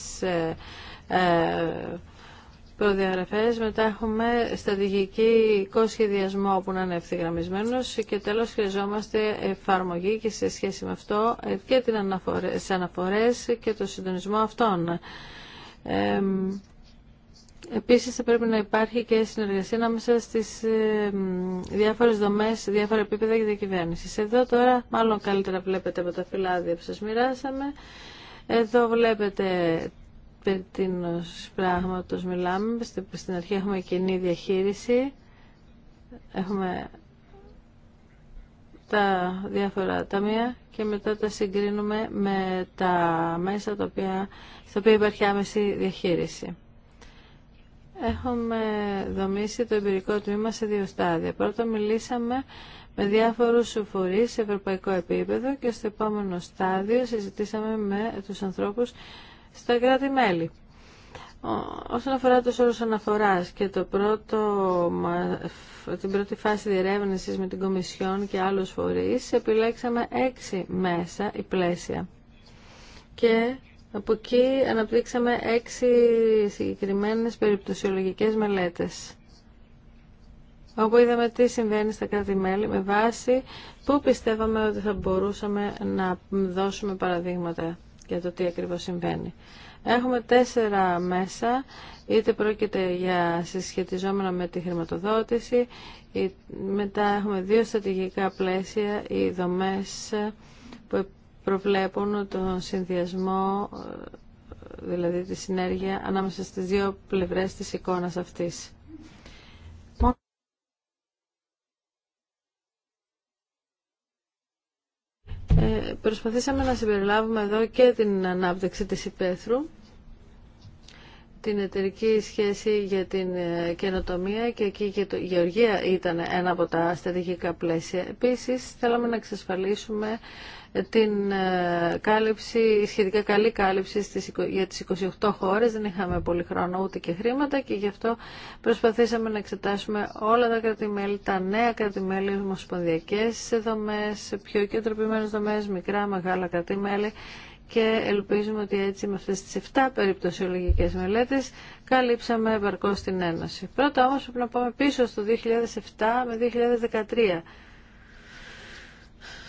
προδιαγραφές, μετά έχουμε στρατηγικό σχεδιασμό που να είναι ευθυγραμμισμένος και τέλος χρειαζόμαστε εφαρμογή και σε σχέση με αυτό και την αναφορέ, αναφορές και το συντονισμό αυτών. Ε, επίσης θα πρέπει να υπάρχει και συνεργασία ανάμεσα στις διάφορες δομές, διάφορα επίπεδα και διακυβέρνηση. Εδώ τώρα, μάλλον καλύτερα βλέπετε από τα φυλάδια που σας μοιράσαμε, εδώ βλέπετε περί τίνος πράγματος μιλάμε. Στην αρχή έχουμε κοινή διαχείριση. Έχουμε τα διάφορα ταμεία και μετά τα συγκρίνουμε με τα μέσα τα οποία, στα οποία υπάρχει άμεση διαχείριση. Έχουμε δομήσει το εμπειρικό τμήμα σε δύο στάδια. Πρώτα μιλήσαμε με διάφορους φορείς σε ευρωπαϊκό επίπεδο και στο επόμενο στάδιο συζητήσαμε με τους ανθρώπους στα κράτη-μέλη. Όσον αφορά τους όρους αναφοράς και το πρώτο, την πρώτη φάση διερεύνησης με την Κομισιόν και άλλους φορείς, επιλέξαμε έξι μέσα ή πλαίσια. Και από εκεί αναπτύξαμε έξι συγκεκριμένες περιπτωσιολογικές μελέτες όπου είδαμε τι συμβαίνει στα κράτη-μέλη με βάση πού πιστεύαμε ότι θα μπορούσαμε να δώσουμε παραδείγματα για το τι ακριβώς συμβαίνει. Έχουμε τέσσερα μέσα, είτε πρόκειται για συσχετιζόμενα με τη χρηματοδότηση, μετά έχουμε δύο στατηγικά πλαίσια, ή δομές που προβλέπουν τον συνδυασμό, ε, δηλαδή τη συνέργεια ανάμεσα στις δύο πλευρές της εικόνας αυτής. Ε, προσπαθήσαμε να συμπεριλάβουμε εδώ και την ανάπτυξη της υπαίθρου, την εταιρική σχέση για την ε, καινοτομία και εκεί και το Γεωργία ήταν ένα από τα στρατηγικά πλαίσια. Επίσης, θέλαμε να εξασφαλίσουμε την ε, κάλυψη, σχετικά καλή κάλυψη στις, για τις 28 χώρες. Δεν είχαμε πολύ χρόνο ούτε και χρήματα και γι' αυτό προσπαθήσαμε να εξετάσουμε όλα τα κρατημέλη, τα νέα κρατημέλη, ομοσπονδιακές δομές, πιο κεντροποιημένες δομές, μικρά, μεγάλα κρατημέλη και ελπίζουμε ότι έτσι με αυτές τις 7 περιπτωσιολογικές μελέτες καλύψαμε επαρκώς την Ένωση. Πρώτα όμως πρέπει να πάμε πίσω στο 2007 με 2013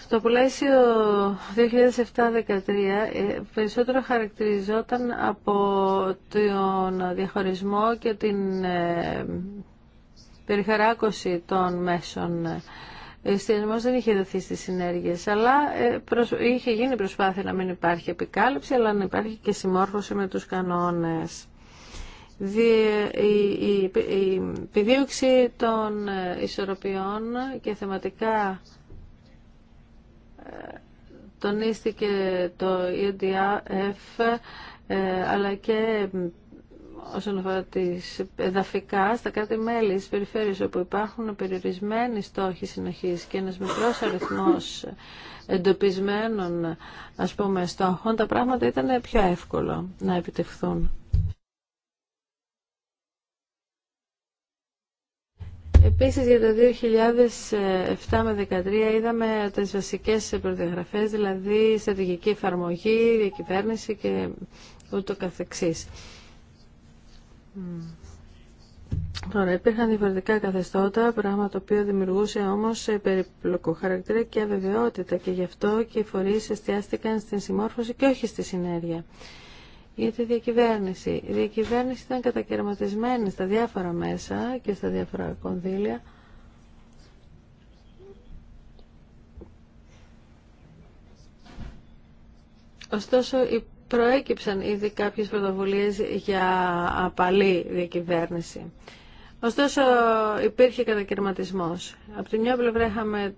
το πλαίσιο 2007-2013 ε, περισσότερο χαρακτηριζόταν από τον διαχωρισμό και την ε, περιχαράκωση των μέσων ε, Ο εστιασμός δεν είχε δοθεί στις συνέργειες, αλλά είχε γίνει προσπάθεια να μην υπάρχει επικάλυψη, αλλά να υπάρχει και συμμόρφωση με τους κανόνες. Η επιδίωξη των ισορροπιών και θεματικά τονίστηκε το EDF ε, αλλά και όσον αφορά τις εδαφικά στα κάτι μέλη της περιφέρειας όπου υπάρχουν περιορισμένοι στόχοι συνοχής και ένας μικρός αριθμός εντοπισμένων ας πούμε στόχων τα πράγματα ήταν πιο εύκολο να επιτευχθούν. Επίσης για το 2007 με 2013 είδαμε τις βασικές προδιαγραφές, δηλαδή στρατηγική εφαρμογή, διακυβέρνηση και ούτω καθεξής. Τώρα, υπήρχαν διαφορετικά καθεστώτα, πράγμα το οποίο δημιουργούσε όμως περιπλοκό χαρακτήρα και αβεβαιότητα και γι' αυτό και οι φορείς εστιάστηκαν στην συμμόρφωση και όχι στη συνέργεια για τη διακυβέρνηση. Η διακυβέρνηση ήταν κατακαιρματισμένη στα διάφορα μέσα και στα διάφορα κονδύλια. Ωστόσο, προέκυψαν ήδη κάποιες πρωτοβουλίες για απαλή διακυβέρνηση. Ωστόσο, υπήρχε κατακαιρματισμός. Από την μια πλευρά είχαμε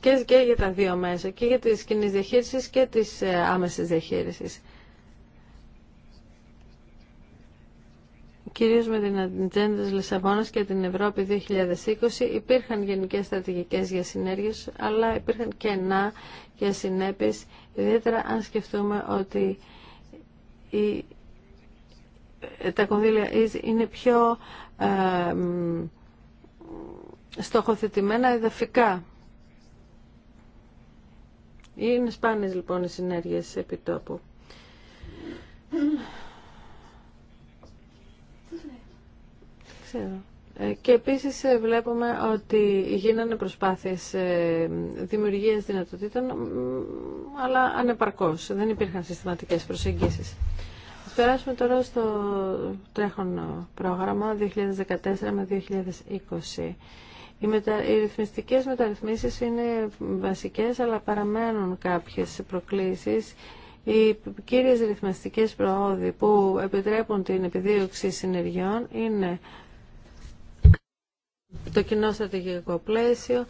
και για τα δύο μέσα, και για τις κοινή διαχείριση και τις ε, άμεσες διαχείρισης. κυρίως με την ατζέντα της Λισαβόνα και την Ευρώπη 2020 υπήρχαν γενικές στρατηγικές για συνέργειες, αλλά υπήρχαν κενά για συνέπειες, ιδιαίτερα αν σκεφτούμε ότι η, τα κονδύλια είναι πιο ε, στοχοθετημένα εδαφικά. Είναι σπάνιες λοιπόν οι συνέργειες επί τόπου. Ε, και επίσης ε, βλέπουμε ότι γίνανε προσπάθειες ε, δημιουργίας δυνατοτήτων, αλλά ανεπαρκώς. Δεν υπήρχαν συστηματικές προσεγγίσεις. Ας περάσουμε τώρα στο τρέχον πρόγραμμα 2014 με 2020. Οι, μετα... οι ρυθμιστικές μεταρρυθμίσεις είναι βασικές, αλλά παραμένουν κάποιες προκλήσεις. Οι κύριες ρυθμιστικές προόδοι που επιτρέπουν την επιδίωξη συνεργειών είναι το κοινό στρατηγικό πλαίσιο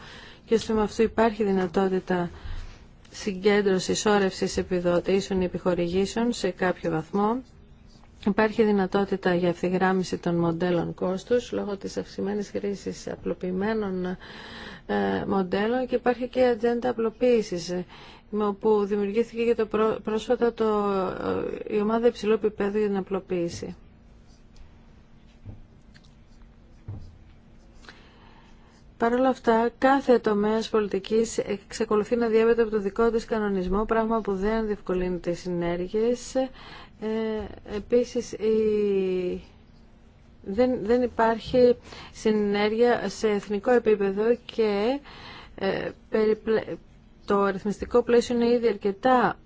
και ώστε με αυτό υπάρχει δυνατότητα συγκέντρωση όρευση επιδοτήσεων ή επιχορηγήσεων σε κάποιο βαθμό. Υπάρχει δυνατότητα για ευθυγράμμιση των μοντέλων κόστους λόγω της αυξημένης χρήσης απλοποιημένων ε, μοντέλων και υπάρχει και ατζέντα απλοποίησης ε, όπου δημιουργήθηκε και το πρόσφατα το, ε, η ομάδα υψηλού επίπεδου για την απλοποίηση. Παρ' όλα αυτά, κάθε τομέα πολιτική εξακολουθεί να διέπεται από το δικό τη κανονισμό, πράγμα που δεν διευκολύνει τι συνέργειε. Ε, επίσης, η... δεν, δεν υπάρχει συνέργεια σε εθνικό επίπεδο και ε, το αριθμιστικό πλαίσιο είναι ήδη αρκετά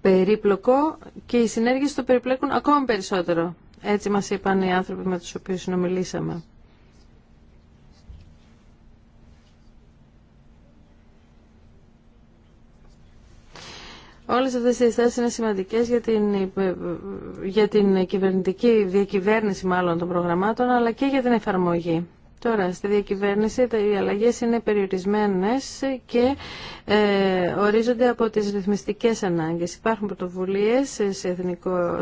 περίπλοκο και οι συνέργειες το περιπλέκουν ακόμα περισσότερο. Έτσι μας είπαν οι άνθρωποι με τους οποίους συνομιλήσαμε. Όλες αυτές οι αισθάσει είναι σημαντικές για την, για την κυβερνητική διακυβέρνηση μάλλον των προγραμμάτων, αλλά και για την εφαρμογή. Τώρα, στη διακυβέρνηση οι αλλαγέ είναι περιορισμένε και ε, ορίζονται από τι ρυθμιστικέ ανάγκε. Υπάρχουν πρωτοβουλίε σε, σε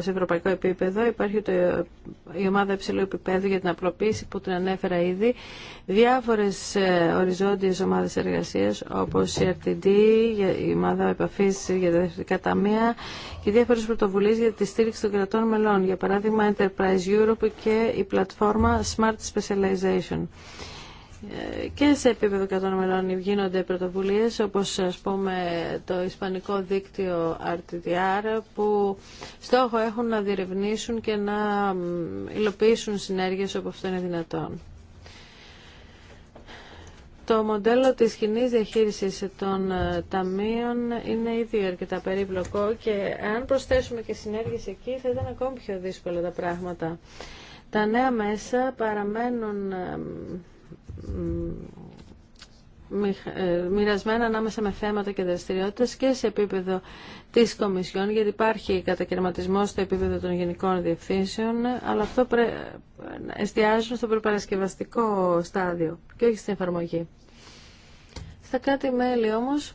ευρωπαϊκό επίπεδο, υπάρχει η ομάδα υψηλού επίπεδου για την απλοποίηση που την ανέφερα ήδη, διάφορε ε, οριζόντιες ομάδες εργασίας όπως η RTD, η ομάδα επαφή για τα δευτερικά ταμεία και διάφορε πρωτοβουλίε για τη στήριξη των κρατών μελών, για παράδειγμα Enterprise Europe και η πλατφόρμα Smart Specialization και σε επίπεδο 100 μελών γίνονται πρωτοβουλίες όπως ας πούμε το Ισπανικό Δίκτυο RTDR που στόχο έχουν να διερευνήσουν και να υλοποιήσουν συνέργειες όπου αυτό είναι δυνατόν. Το μοντέλο της κοινή διαχείρισης των ε, ταμείων είναι ήδη αρκετά περίπλοκο και αν προσθέσουμε και συνέργειες εκεί θα ήταν ακόμη πιο δύσκολα τα πράγματα. Τα νέα μέσα παραμένουν ε, μοιρασμένα ανάμεσα με θέματα και δραστηριότητες και σε επίπεδο της Κομισιόν, γιατί υπάρχει κατακαιρματισμός στο επίπεδο των γενικών διευθύνσεων, αλλά αυτό πρε... εστιάζουν στο προπαρασκευαστικό στάδιο και όχι στην εφαρμογή. Στα κάτι μέλη όμως,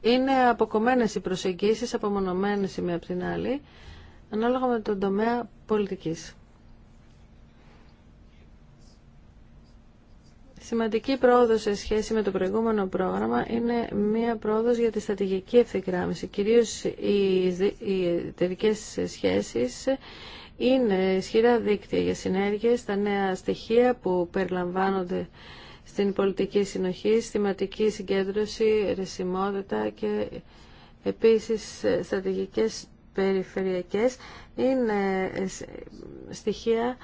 είναι αποκομμένες οι προσεγγίσεις, απομονωμένες η μία από την άλλη, ανάλογα με τον τομέα πολιτικής. Σημαντική πρόοδο σε σχέση με το προηγούμενο πρόγραμμα είναι μία πρόοδο για τη στατηγική ευθυγράμμιση. Κυρίω οι εταιρικέ σχέσει είναι ισχυρά δίκτυα για συνέργειε, τα νέα στοιχεία που περιλαμβάνονται στην πολιτική συνοχή, θεματική συγκέντρωση, ρεσιμότητα και επίση στρατηγικέ περιφερειακές είναι στοιχεία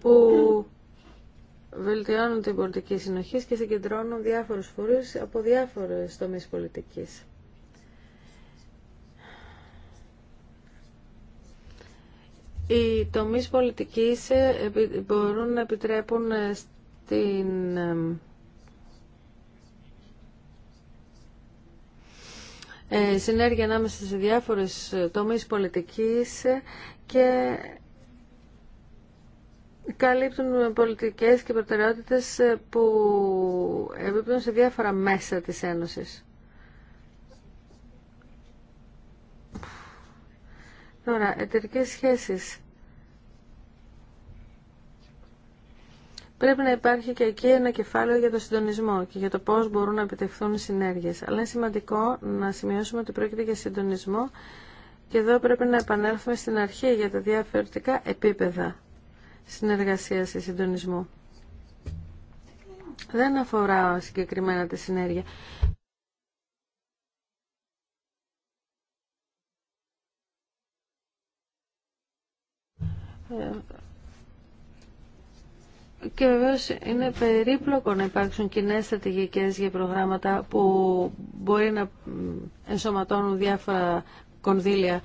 που βελτιώνουν την πολιτική συνοχή και συγκεντρώνουν διάφορους φορείς από διάφορες τομείς πολιτικής. Οι τομείς πολιτικής ε, μπορούν να επιτρέπουν ε, στην ε, Ε, συνέργεια ανάμεσα σε διάφορες ε, τομείς πολιτικής ε, και καλύπτουν πολιτικές και προτεραιότητες που εμπίπτουν σε διάφορα μέσα της Ένωσης. Τώρα, εταιρικές σχέσεις πρέπει να υπάρχει και εκεί ένα κεφάλαιο για το συντονισμό και για το πώς μπορούν να επιτευχθούν οι συνέργειες. Αλλά είναι σημαντικό να σημειώσουμε ότι πρόκειται για συντονισμό και εδώ πρέπει να επανέλθουμε στην αρχή για τα διαφορετικά επίπεδα συνεργασία ή συντονισμού. Δεν αφορά συγκεκριμένα τη συνέργεια. Ε, και βεβαίω είναι περίπλοκο να υπάρξουν κοινέ στρατηγικέ για προγράμματα που μπορεί να ενσωματώνουν διάφορα κονδύλια,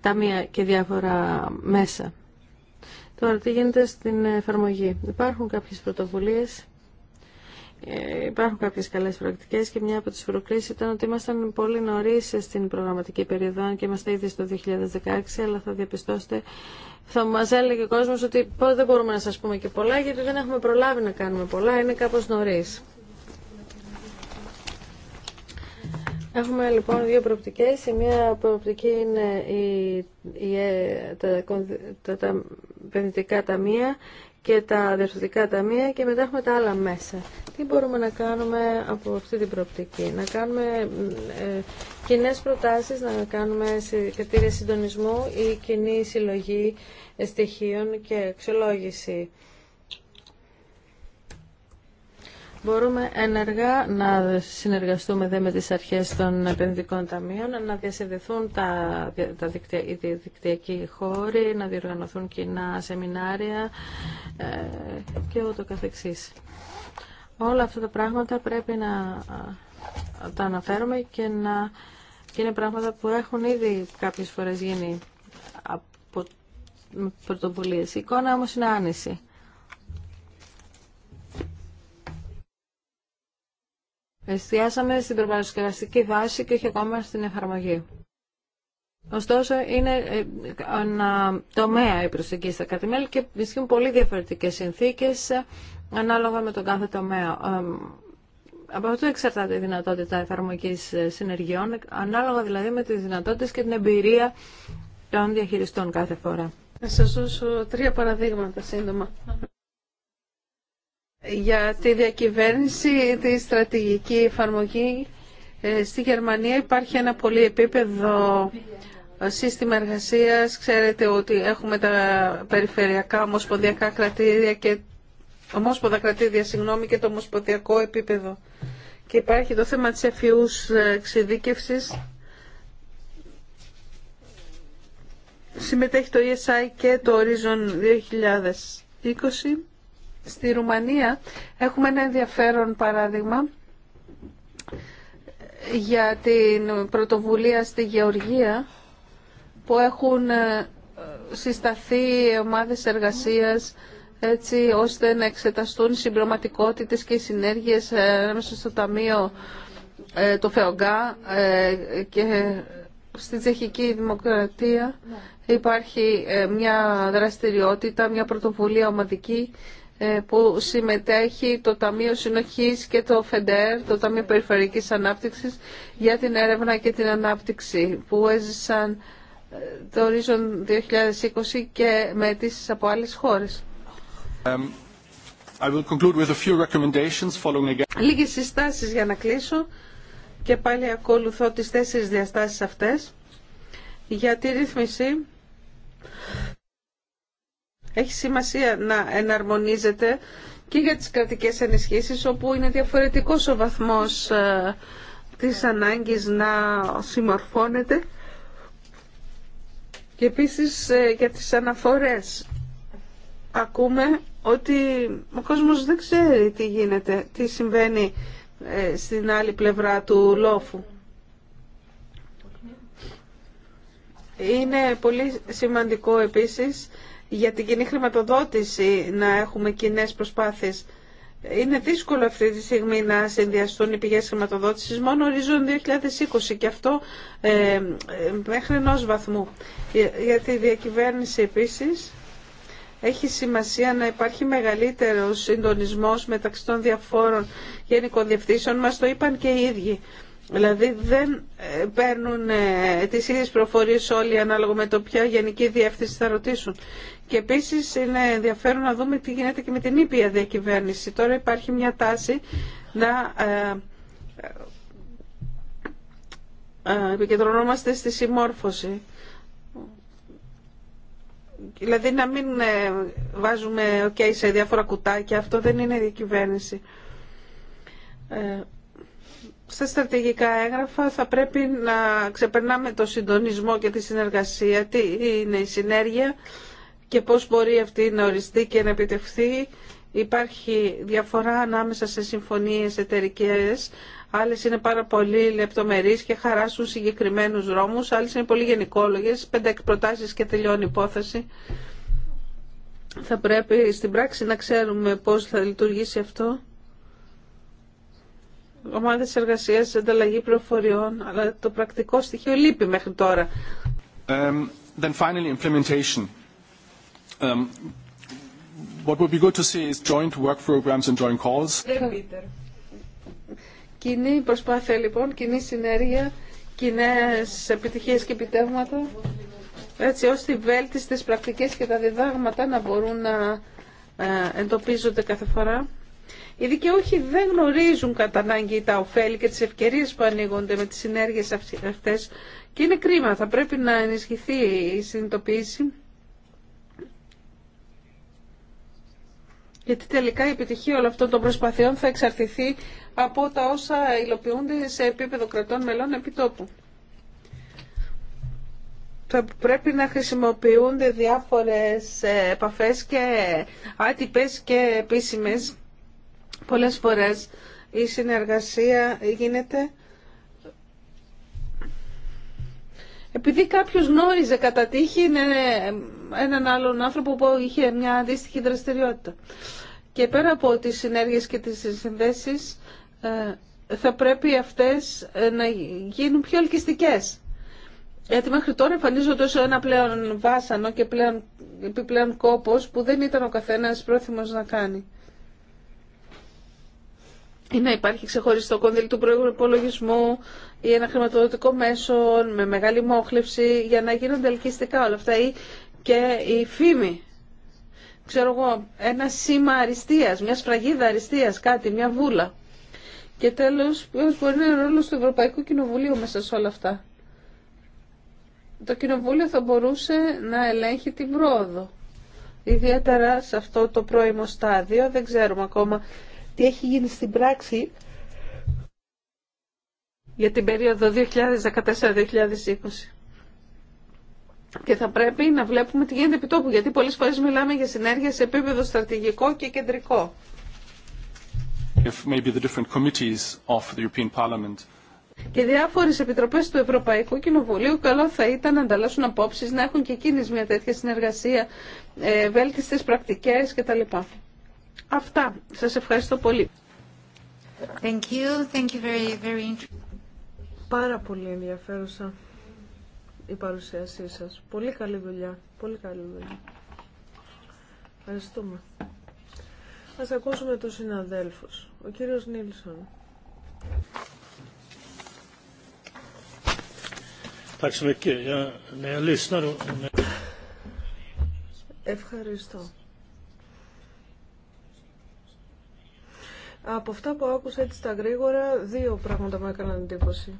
ταμεία και διάφορα μέσα. Τώρα, τι γίνεται στην εφαρμογή. Υπάρχουν κάποιες πρωτοβουλίες ε, υπάρχουν κάποιε καλέ πρακτικές και μια από τις προκλήσει ήταν ότι ήμασταν πολύ νωρί στην προγραμματική περίοδο και είμαστε ήδη στο 2016 αλλά θα διαπιστώσετε θα μας έλεγε ο κόσμος ότι δεν μπορούμε να σα πούμε και πολλά γιατί δεν έχουμε προλάβει να κάνουμε πολλά, είναι κάπως νωρί. Έχουμε λοιπόν δύο προοπτικέ. Η μία προοπτική είναι η, η, ε, τα, τα, τα, τα, ταμεία και τα διευθυντικά ταμεία και μετά έχουμε τα άλλα μέσα. Τι μπορούμε να κάνουμε από αυτή την προοπτική. Να κάνουμε ε, κοινέ προτάσεις, να κάνουμε κριτήρια συντονισμού ή κοινή συλλογή ε, στοιχείων και αξιολόγηση. Μπορούμε ενεργά να συνεργαστούμε με τις αρχές των επενδυτικών ταμείων, να διασυνδεθούν τα, τα οι δικτυακοί χώροι, να διοργανωθούν κοινά σεμινάρια ε, και ούτω καθεξής. Όλα αυτά τα πράγματα πρέπει να τα αναφέρουμε και, να, είναι πράγματα που έχουν ήδη κάποιες φορές γίνει από πρωτοβουλίες. Η εικόνα όμως είναι άνηση. Εστιάσαμε στην προπαρασκευαστική βάση και όχι ακόμα στην εφαρμογή. Ωστόσο, είναι ένα ε, τομέα η προσεγγίση στα κατημέλη και ισχύουν πολύ διαφορετικές συνθήκες ε, ανάλογα με τον κάθε τομέα. Ε, από αυτό εξαρτάται η δυνατότητα εφαρμογής συνεργειών, ανάλογα δηλαδή με τις δυνατότητες και την εμπειρία των διαχειριστών κάθε φορά.
Θα σας δώσω τρία παραδείγματα σύντομα
για τη διακυβέρνηση,
τη στρατηγική εφαρμογή. Ε, στη Γερμανία υπάρχει ένα πολύ επίπεδο σύστημα εργασίας. Ξέρετε ότι έχουμε τα περιφερειακά ομοσπονδιακά κρατήρια και ομόσποδα κρατήρια συγγνώμη, και το ομοσπονδιακό επίπεδο. Και υπάρχει το θέμα της εφιούς ε, εξειδίκευσης. Συμμετέχει το ESI και το Horizon 2020. Στη Ρουμανία έχουμε ένα ενδιαφέρον παράδειγμα για την πρωτοβουλία στη Γεωργία που έχουν ε, συσταθεί ομάδες εργασίας έτσι ώστε να εξεταστούν οι και οι συνέργειες ε, μέσα στο Ταμείο ε, το ΦΕΟΓΚΑ και στη Τσεχική Δημοκρατία ναι. υπάρχει μια δραστηριότητα, μια πρωτοβουλία ομαδική ε, που συμμετέχει το Ταμείο Συνοχής και το ΦΕΝΤΕΡ, το Ταμείο Περιφερειακής Ανάπτυξης, για την έρευνα και την ανάπτυξη που έζησαν ε, το ορίζον 2020 και με αιτήσει από άλλες χώρες.
Um, I
Λίγες συστάσεις για να κλείσω και πάλι ακολουθώ τις τέσσερις διαστάσεις αυτές για τη ρύθμιση έχει σημασία να εναρμονίζεται και για τις κρατικές ενισχύσεις όπου είναι διαφορετικός ο βαθμός ε, της ανάγκης να συμμορφώνεται και επίσης ε, για τις αναφορές ακούμε ότι ο κόσμος δεν ξέρει τι γίνεται, τι συμβαίνει ε, στην άλλη πλευρά του λόφου. Είναι πολύ σημαντικό επίσης για την κοινή χρηματοδότηση να έχουμε κοινέ προσπάθειες. Είναι δύσκολο αυτή τη στιγμή να συνδυαστούν οι πηγές χρηματοδότησης μόνο ορίζον 2020 και αυτό ε, μέχρι ενό βαθμού. Γιατί τη διακυβέρνηση επίσης έχει σημασία να υπάρχει μεγαλύτερο συντονισμός μεταξύ των διαφόρων γενικών διευθύνσεων. Μας το είπαν και οι ίδιοι. Δηλαδή δεν ε, παίρνουν ε, τις ίδιες προφορίες όλοι ανάλογα με το ποια γενική διεύθυνση θα ρωτήσουν. Και επίση είναι ενδιαφέρον να δούμε τι γίνεται και με την ήπια διακυβέρνηση. Τώρα υπάρχει μια τάση να ε, ε, ε, επικεντρωνόμαστε στη συμμόρφωση. Δηλαδή να μην βάζουμε okay, σε διάφορα κουτάκια, αυτό δεν είναι διακυβέρνηση. Ε, στα στρατηγικά έγγραφα θα πρέπει να ξεπερνάμε το συντονισμό και τη συνεργασία, τι είναι η συνέργεια και πώς μπορεί αυτή να οριστεί και να επιτευχθεί. Υπάρχει διαφορά ανάμεσα σε συμφωνίες εταιρικές, άλλες είναι πάρα πολύ λεπτομερείς και χαράσουν συγκεκριμένους δρόμους, άλλες είναι πολύ γενικόλογες, πέντε εκπροτάσεις και τελειώνει η υπόθεση. Θα πρέπει στην πράξη να ξέρουμε πώς θα λειτουργήσει αυτό. Ομάδες εργασίας, ανταλλαγή πληροφοριών, αλλά το πρακτικό στοιχείο λείπει
μέχρι τώρα. Um, then finally implementation. Um, what would be good to see is joint work programs and joint calls.
Κοινή προσπάθεια λοιπόν, κοινή συνέργεια, κοινέ επιτυχίες και επιτεύγματα, έτσι ώστε οι βέλτιστες πρακτικές και τα διδάγματα να μπορούν να ε, εντοπίζονται κάθε φορά. Οι δικαιούχοι δεν γνωρίζουν κατά ανάγκη τα ωφέλη και τις ευκαιρίες που ανοίγονται με τις συνέργειες αυτές και είναι κρίμα, θα πρέπει να ενισχυθεί η συνειδητοποίηση γιατί τελικά η επιτυχία όλων αυτών των προσπαθειών θα εξαρτηθεί από τα όσα υλοποιούνται σε επίπεδο κρατών μελών επιτόπου. Θα πρέπει να χρησιμοποιούνται διάφορες ε, επαφές και άτυπες και επίσημες. Πολλές φορές η συνεργασία γίνεται επειδή κάποιος γνώριζε κατά τύχη ναι, ναι, έναν άλλον άνθρωπο που είχε μια αντίστοιχη δραστηριότητα. Και πέρα από τις συνέργειες και τις συνδέσεις ε, θα πρέπει αυτές ε, να γίνουν πιο ελκυστικές. Γιατί μέχρι τώρα εμφανίζονται ως ένα πλέον βάσανο και πλέον, επιπλέον κόπος που δεν ήταν ο καθένας πρόθυμος να κάνει. Ή να υπάρχει ξεχωριστό κονδύλ του προϋπολογισμού ή ένα χρηματοδοτικό μέσο με μεγάλη μόχλευση για να γίνονται ελκυστικά όλα αυτά ή και η φήμη ξέρω εγώ, ένα σήμα αριστείας, μια σφραγίδα αριστείας, κάτι, μια βούλα. Και τέλος, ποιος μπορεί να είναι ο ρόλος του Ευρωπαϊκού Κοινοβουλίου μέσα σε όλα αυτά. Το Κοινοβούλιο θα μπορούσε να ελέγχει την πρόοδο. Ιδιαίτερα σε αυτό το πρώιμο στάδιο, δεν ξέρουμε ακόμα τι έχει γίνει στην πράξη για την περίοδο 2014-2020 και θα πρέπει να βλέπουμε τι γίνεται επί τόπου, γιατί πολλές φορές μιλάμε για συνέργεια σε επίπεδο στρατηγικό και κεντρικό. και διάφορε επιτροπέ του Ευρωπαϊκού Κοινοβουλίου καλό θα ήταν να ανταλλάσσουν απόψει, να έχουν και εκείνε μια τέτοια συνεργασία, ε, βέλτιστε πρακτικέ κτλ. Αυτά. Σα ευχαριστώ πολύ. Thank you. Thank you very, very Πάρα πολύ ενδιαφέρουσα
η παρουσίασή σας. Πολύ καλή δουλειά. Πολύ καλή δουλειά. Ευχαριστούμε. Ας ακούσουμε τον συναδέλφος, Ο κύριος Νίλσον. Ευχαριστώ. Από αυτά που άκουσα έτσι τα γρήγορα, δύο πράγματα μου έκαναν εντύπωση.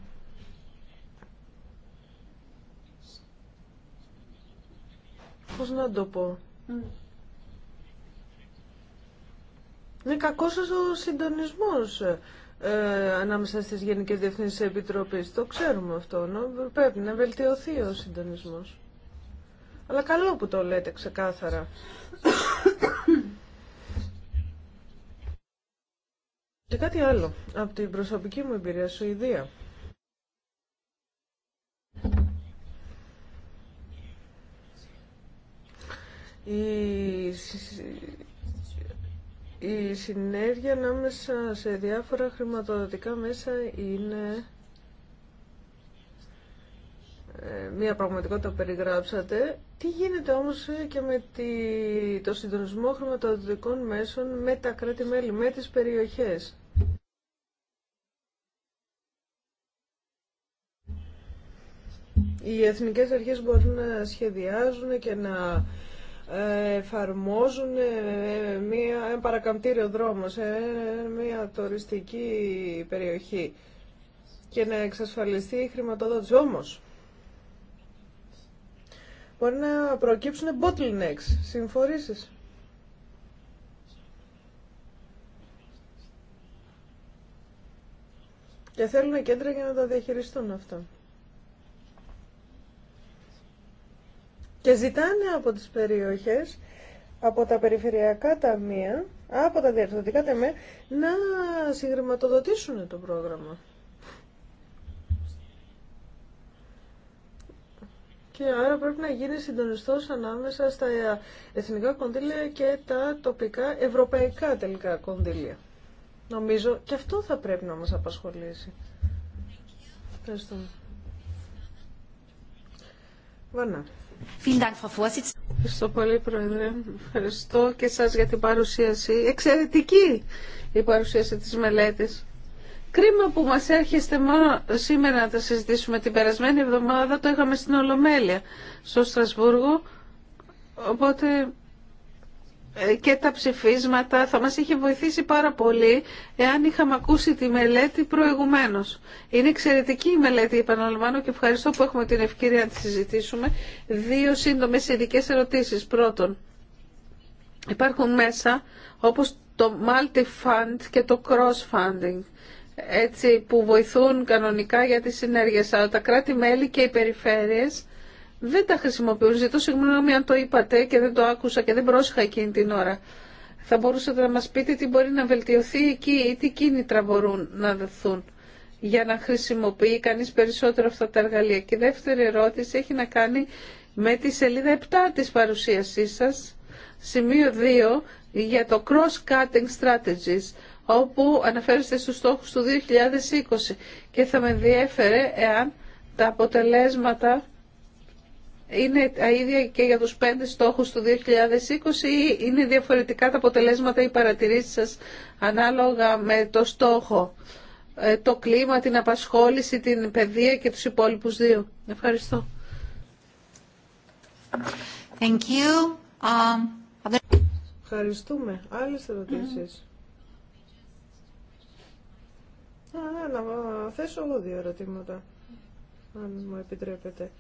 πώς να το πω. Είναι κακός ο συντονισμός ε, ε, ανάμεσα στις Γενικές Διευθύνσεις Επιτροπής. Το ξέρουμε αυτό. Πρέπει να βελτιωθεί ο συντονισμός. Αλλά καλό που το λέτε ξεκάθαρα. Και κάτι άλλο, από την προσωπική μου εμπειρία, Σουηδία. Η, συνέργεια ανάμεσα σε διάφορα χρηματοδοτικά μέσα είναι ε, μία πραγματικότητα που περιγράψατε. Τι γίνεται όμως ε, και με το συντονισμό χρηματοδοτικών μέσων με τα κράτη-μέλη, με τις περιοχές. Οι εθνικές αρχές μπορούν να σχεδιάζουν και να εφαρμόζουν ε, μια, ένα παρακαμπτήριο δρόμο σε μια τουριστική περιοχή και να εξασφαλιστεί η χρηματοδότηση. Όμως, μπορεί να προκύψουν bottlenecks, συμφορήσεις. Και θέλουν κέντρα για να τα διαχειριστούν αυτό. και ζητάνε από τις περιοχές, από τα περιφερειακά ταμεία, από τα διαρθρωτικά ταμεία, να συγχρηματοδοτήσουν το πρόγραμμα. Και άρα πρέπει να γίνει συντονιστός ανάμεσα στα εθνικά κονδύλια και τα τοπικά ευρωπαϊκά τελικά κονδύλια. Νομίζω και αυτό θα πρέπει να μας απασχολήσει. Ευχαριστώ.
Ευχαριστώ πολύ, Πρόεδρε. Ευχαριστώ και σας για την παρουσίαση. Εξαιρετική η παρουσίαση της μελέτης. Κρίμα που μας έρχεστε μόνο σήμερα να τα συζητήσουμε. Την περασμένη εβδομάδα το είχαμε στην Ολομέλεια, στο Στρασβούργο. Οπότε ε, και τα ψηφίσματα θα μας είχε βοηθήσει πάρα πολύ εάν είχαμε ακούσει τη μελέτη προηγουμένως. Είναι εξαιρετική η μελέτη, επαναλαμβάνω, και ευχαριστώ που έχουμε την ευκαιρία να τη συζητήσουμε. Δύο σύντομες ειδικέ ερωτήσεις. Πρώτον, υπάρχουν μέσα όπως το multi-fund και το cross-funding έτσι, που βοηθούν κανονικά για τις συνέργειες, αλλά τα κράτη-μέλη και οι περιφέρειες δεν τα χρησιμοποιούν. Ζητώ συγγνώμη αν το είπατε και δεν το άκουσα και δεν πρόσεχα εκείνη την ώρα. Θα μπορούσατε να μας πείτε τι μπορεί να βελτιωθεί εκεί ή τι κίνητρα μπορούν να δεθούν για να χρησιμοποιεί κανείς περισσότερο αυτά τα εργαλεία. Και η δεύτερη ερώτηση έχει να κάνει με τη σελίδα 7 της παρουσίασής σας, σημείο 2, για το cross-cutting strategies, όπου αναφέρεστε στους στόχους του 2020 και θα με ενδιέφερε εάν τα αποτελέσματα είναι τα ίδια και για τους πέντε στόχους του 2020 ή είναι διαφορετικά τα αποτελέσματα ή παρατηρήσεις σας ανάλογα με το στόχο, ε, το κλίμα, την απασχόληση, την παιδεία και τους υπόλοιπους δύο. Ευχαριστώ. Thank you. Um,
Ευχαριστούμε. Άλλες ερωτήσεις. Mm. Α, να θέσω εγώ δύο ερωτήματα, αν μου επιτρέπετε.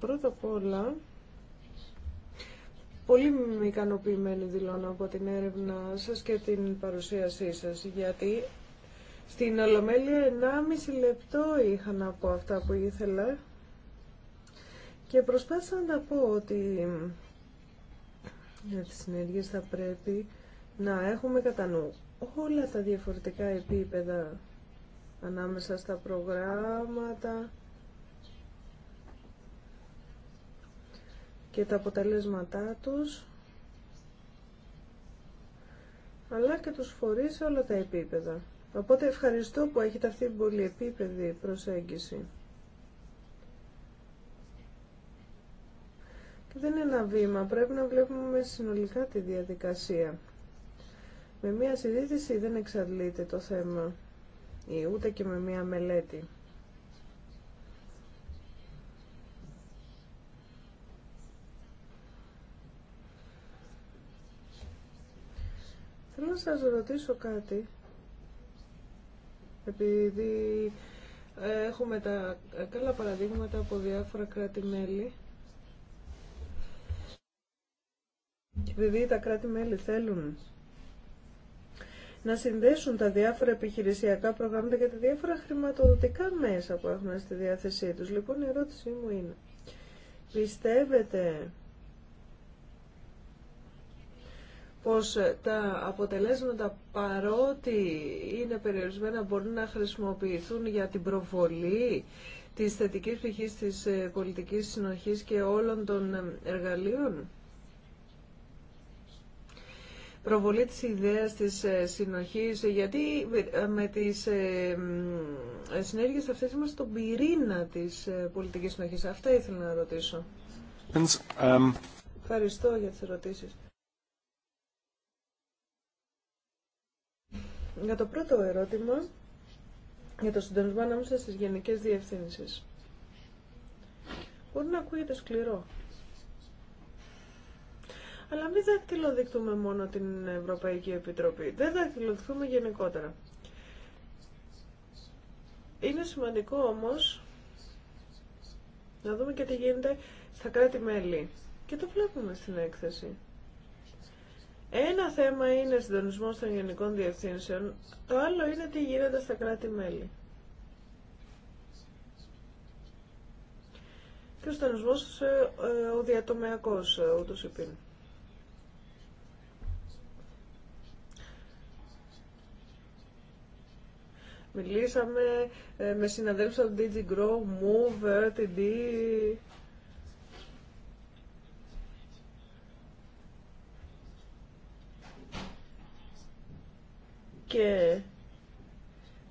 Πρώτα απ' όλα, πολύ ικανοποιημένη δηλώνω από την έρευνα σας και την παρουσίασή σας, γιατί στην Ολομέλεια 1,5 λεπτό είχα να πω αυτά που ήθελα και προσπάθησα να πω ότι για τις συνέργειες θα πρέπει να έχουμε κατά νου όλα τα διαφορετικά επίπεδα ανάμεσα στα προγράμματα, και τα αποτελέσματά τους, αλλά και τους φορείς σε όλα τα επίπεδα. Οπότε ευχαριστώ που έχετε αυτή την πολυεπίπεδη προσέγγιση. Και δεν είναι ένα βήμα, πρέπει να βλέπουμε συνολικά τη διαδικασία. Με μία συζήτηση δεν εξαντλείται το θέμα ή ούτε και με μία μελέτη. Θέλω να σας ρωτήσω κάτι, επειδή έχουμε τα καλά παραδείγματα από διάφορα κράτη-μέλη. Επειδή τα κράτη-μέλη θέλουν να συνδέσουν τα διάφορα επιχειρησιακά προγράμματα και τα διάφορα χρηματοδοτικά μέσα που έχουν στη διάθεσή τους. Λοιπόν, η ερώτησή μου είναι, πιστεύετε πως ε, τα αποτελέσματα παρότι είναι περιορισμένα μπορούν να χρησιμοποιηθούν για την προβολή της θετικής πτυχής της ε, πολιτικής συνοχής και όλων των ε, εργαλείων. Προβολή της ιδέας της συνοχής, γιατί με τις συνέργειες αυτές είμαστε στον πυρήνα της πολιτικής συνοχής. Αυτά ήθελα να ρωτήσω.
Um,
Ευχαριστώ για τις ερωτήσεις. Για το πρώτο ερώτημα, για το συντονισμό ανάμεσα στις γενικές διευθύνσεις. Μπορεί να ακούγεται σκληρό. Αλλά μην δακτυλοδεικτούμε μόνο την Ευρωπαϊκή Επιτροπή. Δεν δακτυλοδεικτούμε γενικότερα. Είναι σημαντικό όμως να δούμε και τι γίνεται στα κράτη-μέλη. Και το βλέπουμε στην έκθεση. Ένα θέμα είναι συντονισμό των γενικών διευθύνσεων, το άλλο είναι τι γίνεται στα κράτη-μέλη. Και ο συντονισμό ε, ε, ο διατομεακό, ε, ούτω είπε. Μιλήσαμε με συναδέλφους από DigiGrow, Move, RTD, και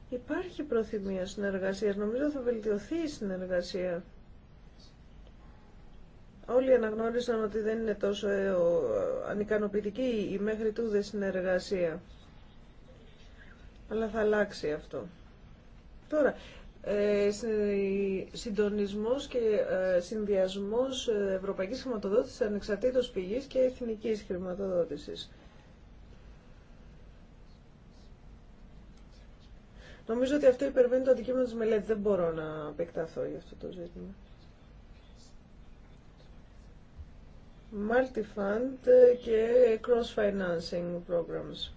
υπάρχει προθυμία συνεργασία, Νομίζω θα βελτιωθεί η συνεργασία. Όλοι αναγνώρισαν ότι δεν είναι τόσο ε, ανικανοποιητική η μέχρι τούδε συνεργασία. Αλλά θα αλλάξει αυτό. Τώρα, ε, συντονισμός και ε, συνδυασμός ε, ευρωπαϊκής χρηματοδότησης ανεξαρτήτως πηγής και εθνικής χρηματοδότησης. Νομίζω ότι αυτό υπερβαίνει το αντικείμενο της μελέτης. Δεν μπορώ να επεκταθώ για αυτό το ζήτημα. Multifund και cross-financing programs.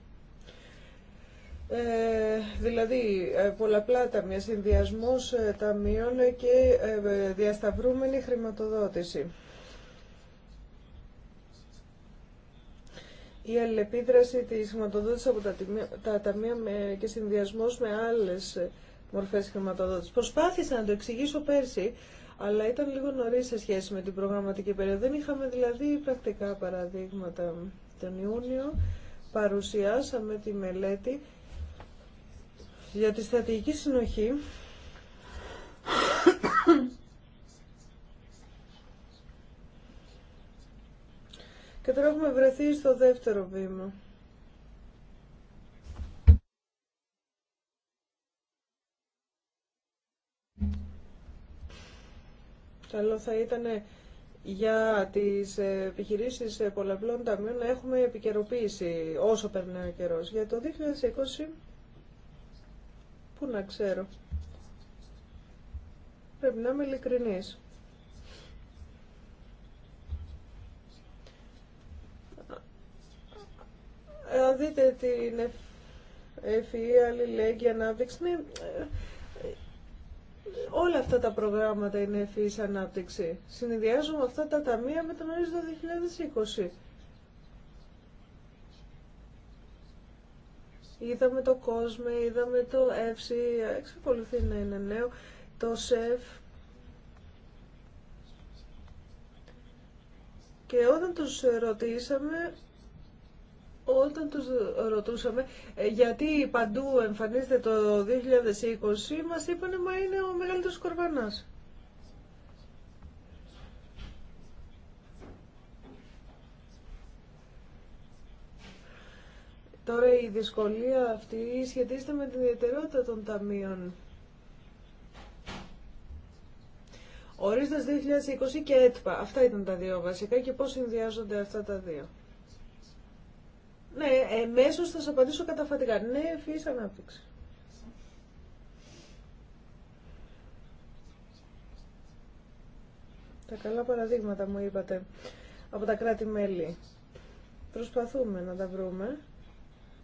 Ε, δηλαδή ε, πολλαπλά ταμεία, συνδυασμός ε, ταμείων και ε, διασταυρούμενη χρηματοδότηση. η αλληλεπίδραση της χρηματοδότηση από τα, τα ταμεία με, και συνδυασμό με άλλες μορφές χρηματοδότηση. Προσπάθησα να το εξηγήσω πέρσι, αλλά ήταν λίγο νωρί σε σχέση με την προγραμματική περίοδο. Δεν είχαμε δηλαδή πρακτικά παραδείγματα. Τον Ιούνιο παρουσιάσαμε τη μελέτη για τη στρατηγική συνοχή και τώρα έχουμε βρεθεί στο δεύτερο βήμα. Καλό θα ήταν για τις επιχειρήσεις πολλαπλών ταμείων να έχουμε επικαιροποίηση όσο περνάει ο καιρός. Για το 2020, πού να ξέρω, πρέπει να είμαι ειλικρινής. Ε, δείτε την FEE, αλληλέγγυη ανάπτυξη. Ναι, ε, όλα αυτά τα προγράμματα είναι ευφυής ανάπτυξη. Συνδυάζουμε αυτά τα ταμεία με τον ορίζοντα 2020. Είδαμε το κόσμο, είδαμε το ΕΦΣΥ, εξακολουθεί να είναι νέο, το ΣΕΦ. Και όταν τους ρωτήσαμε, όταν τους ρωτούσαμε ε, γιατί παντού εμφανίζεται το 2020, μας είπανε μα είναι ο μεγαλύτερος κορβανάς. Τώρα η δυσκολία αυτή σχετίζεται με την ιδιαιτερότητα των ταμείων. Ορίστες 2020 και έτπα. Αυτά ήταν τα δύο βασικά και πώς συνδυάζονται αυτά τα δύο. Ναι, εμέσως θα σας απαντήσω καταφατικά. Ναι, ευφυής ανάπτυξη. Τα καλά παραδείγματα μου είπατε από τα κράτη-μέλη. Προσπαθούμε να τα βρούμε.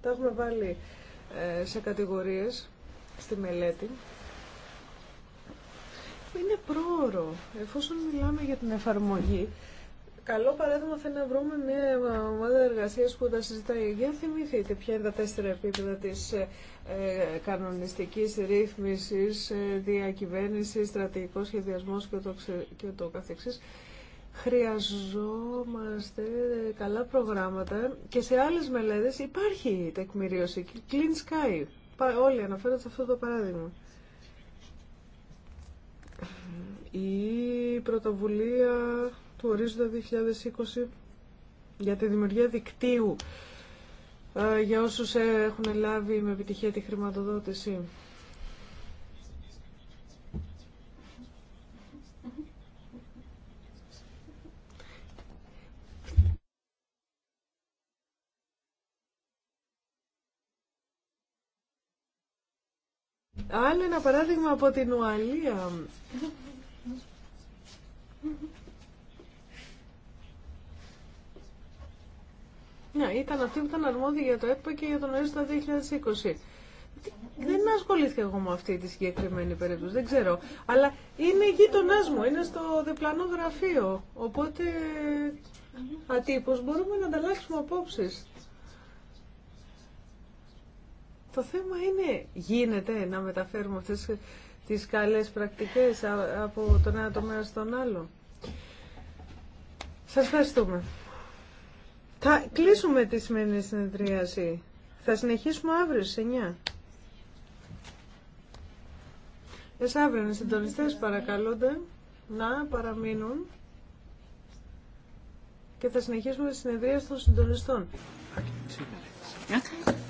Τα έχουμε βάλει ε, σε κατηγορίες στη μελέτη. Είναι πρόωρο, εφόσον μιλάμε για την εφαρμογή. Καλό παράδειγμα θα είναι να βρούμε μια ομάδα εργασία που τα συζητάει. Για θυμηθείτε ποια είναι τα τέσσερα επίπεδα τη ε, κανονιστική ρύθμιση, ε, ε διακυβέρνηση, στρατηγικό σχεδιασμό και, το, και Χρειαζόμαστε καλά προγράμματα και σε άλλες μελέτες υπάρχει τεκμηρίωση. Clean Sky. Όλοι αναφέρονται σε αυτό το παράδειγμα. Η πρωτοβουλία του ορίζοντα 2020 για τη δημιουργία δικτύου ε, για όσους έχουν λάβει με επιτυχία τη χρηματοδότηση. Άλλο ένα παράδειγμα από την Ουαλία. Ναι, ήταν αυτή που ήταν αρμόδια για το ΕΠΑ και για τον ΕΣΤΑ 2020. Δεν ασχολήθηκα εγώ με αυτή τη συγκεκριμένη περίπτωση, δεν ξέρω. Αλλά είναι γείτονά μου, είναι στο διπλανό γραφείο. Οπότε ατύπω μπορούμε να ανταλλάξουμε απόψει. Το θέμα είναι, γίνεται να μεταφέρουμε αυτές τις καλές πρακτικές από τον ένα τομέα στον άλλο. Σας ευχαριστούμε. Θα κλείσουμε τη σημερινή συνεδρίαση. Θα συνεχίσουμε αύριο στις 9. αύριο οι συντονιστές παρακαλούνται να παραμείνουν και θα συνεχίσουμε τη συνεδρία των συντονιστών. Okay.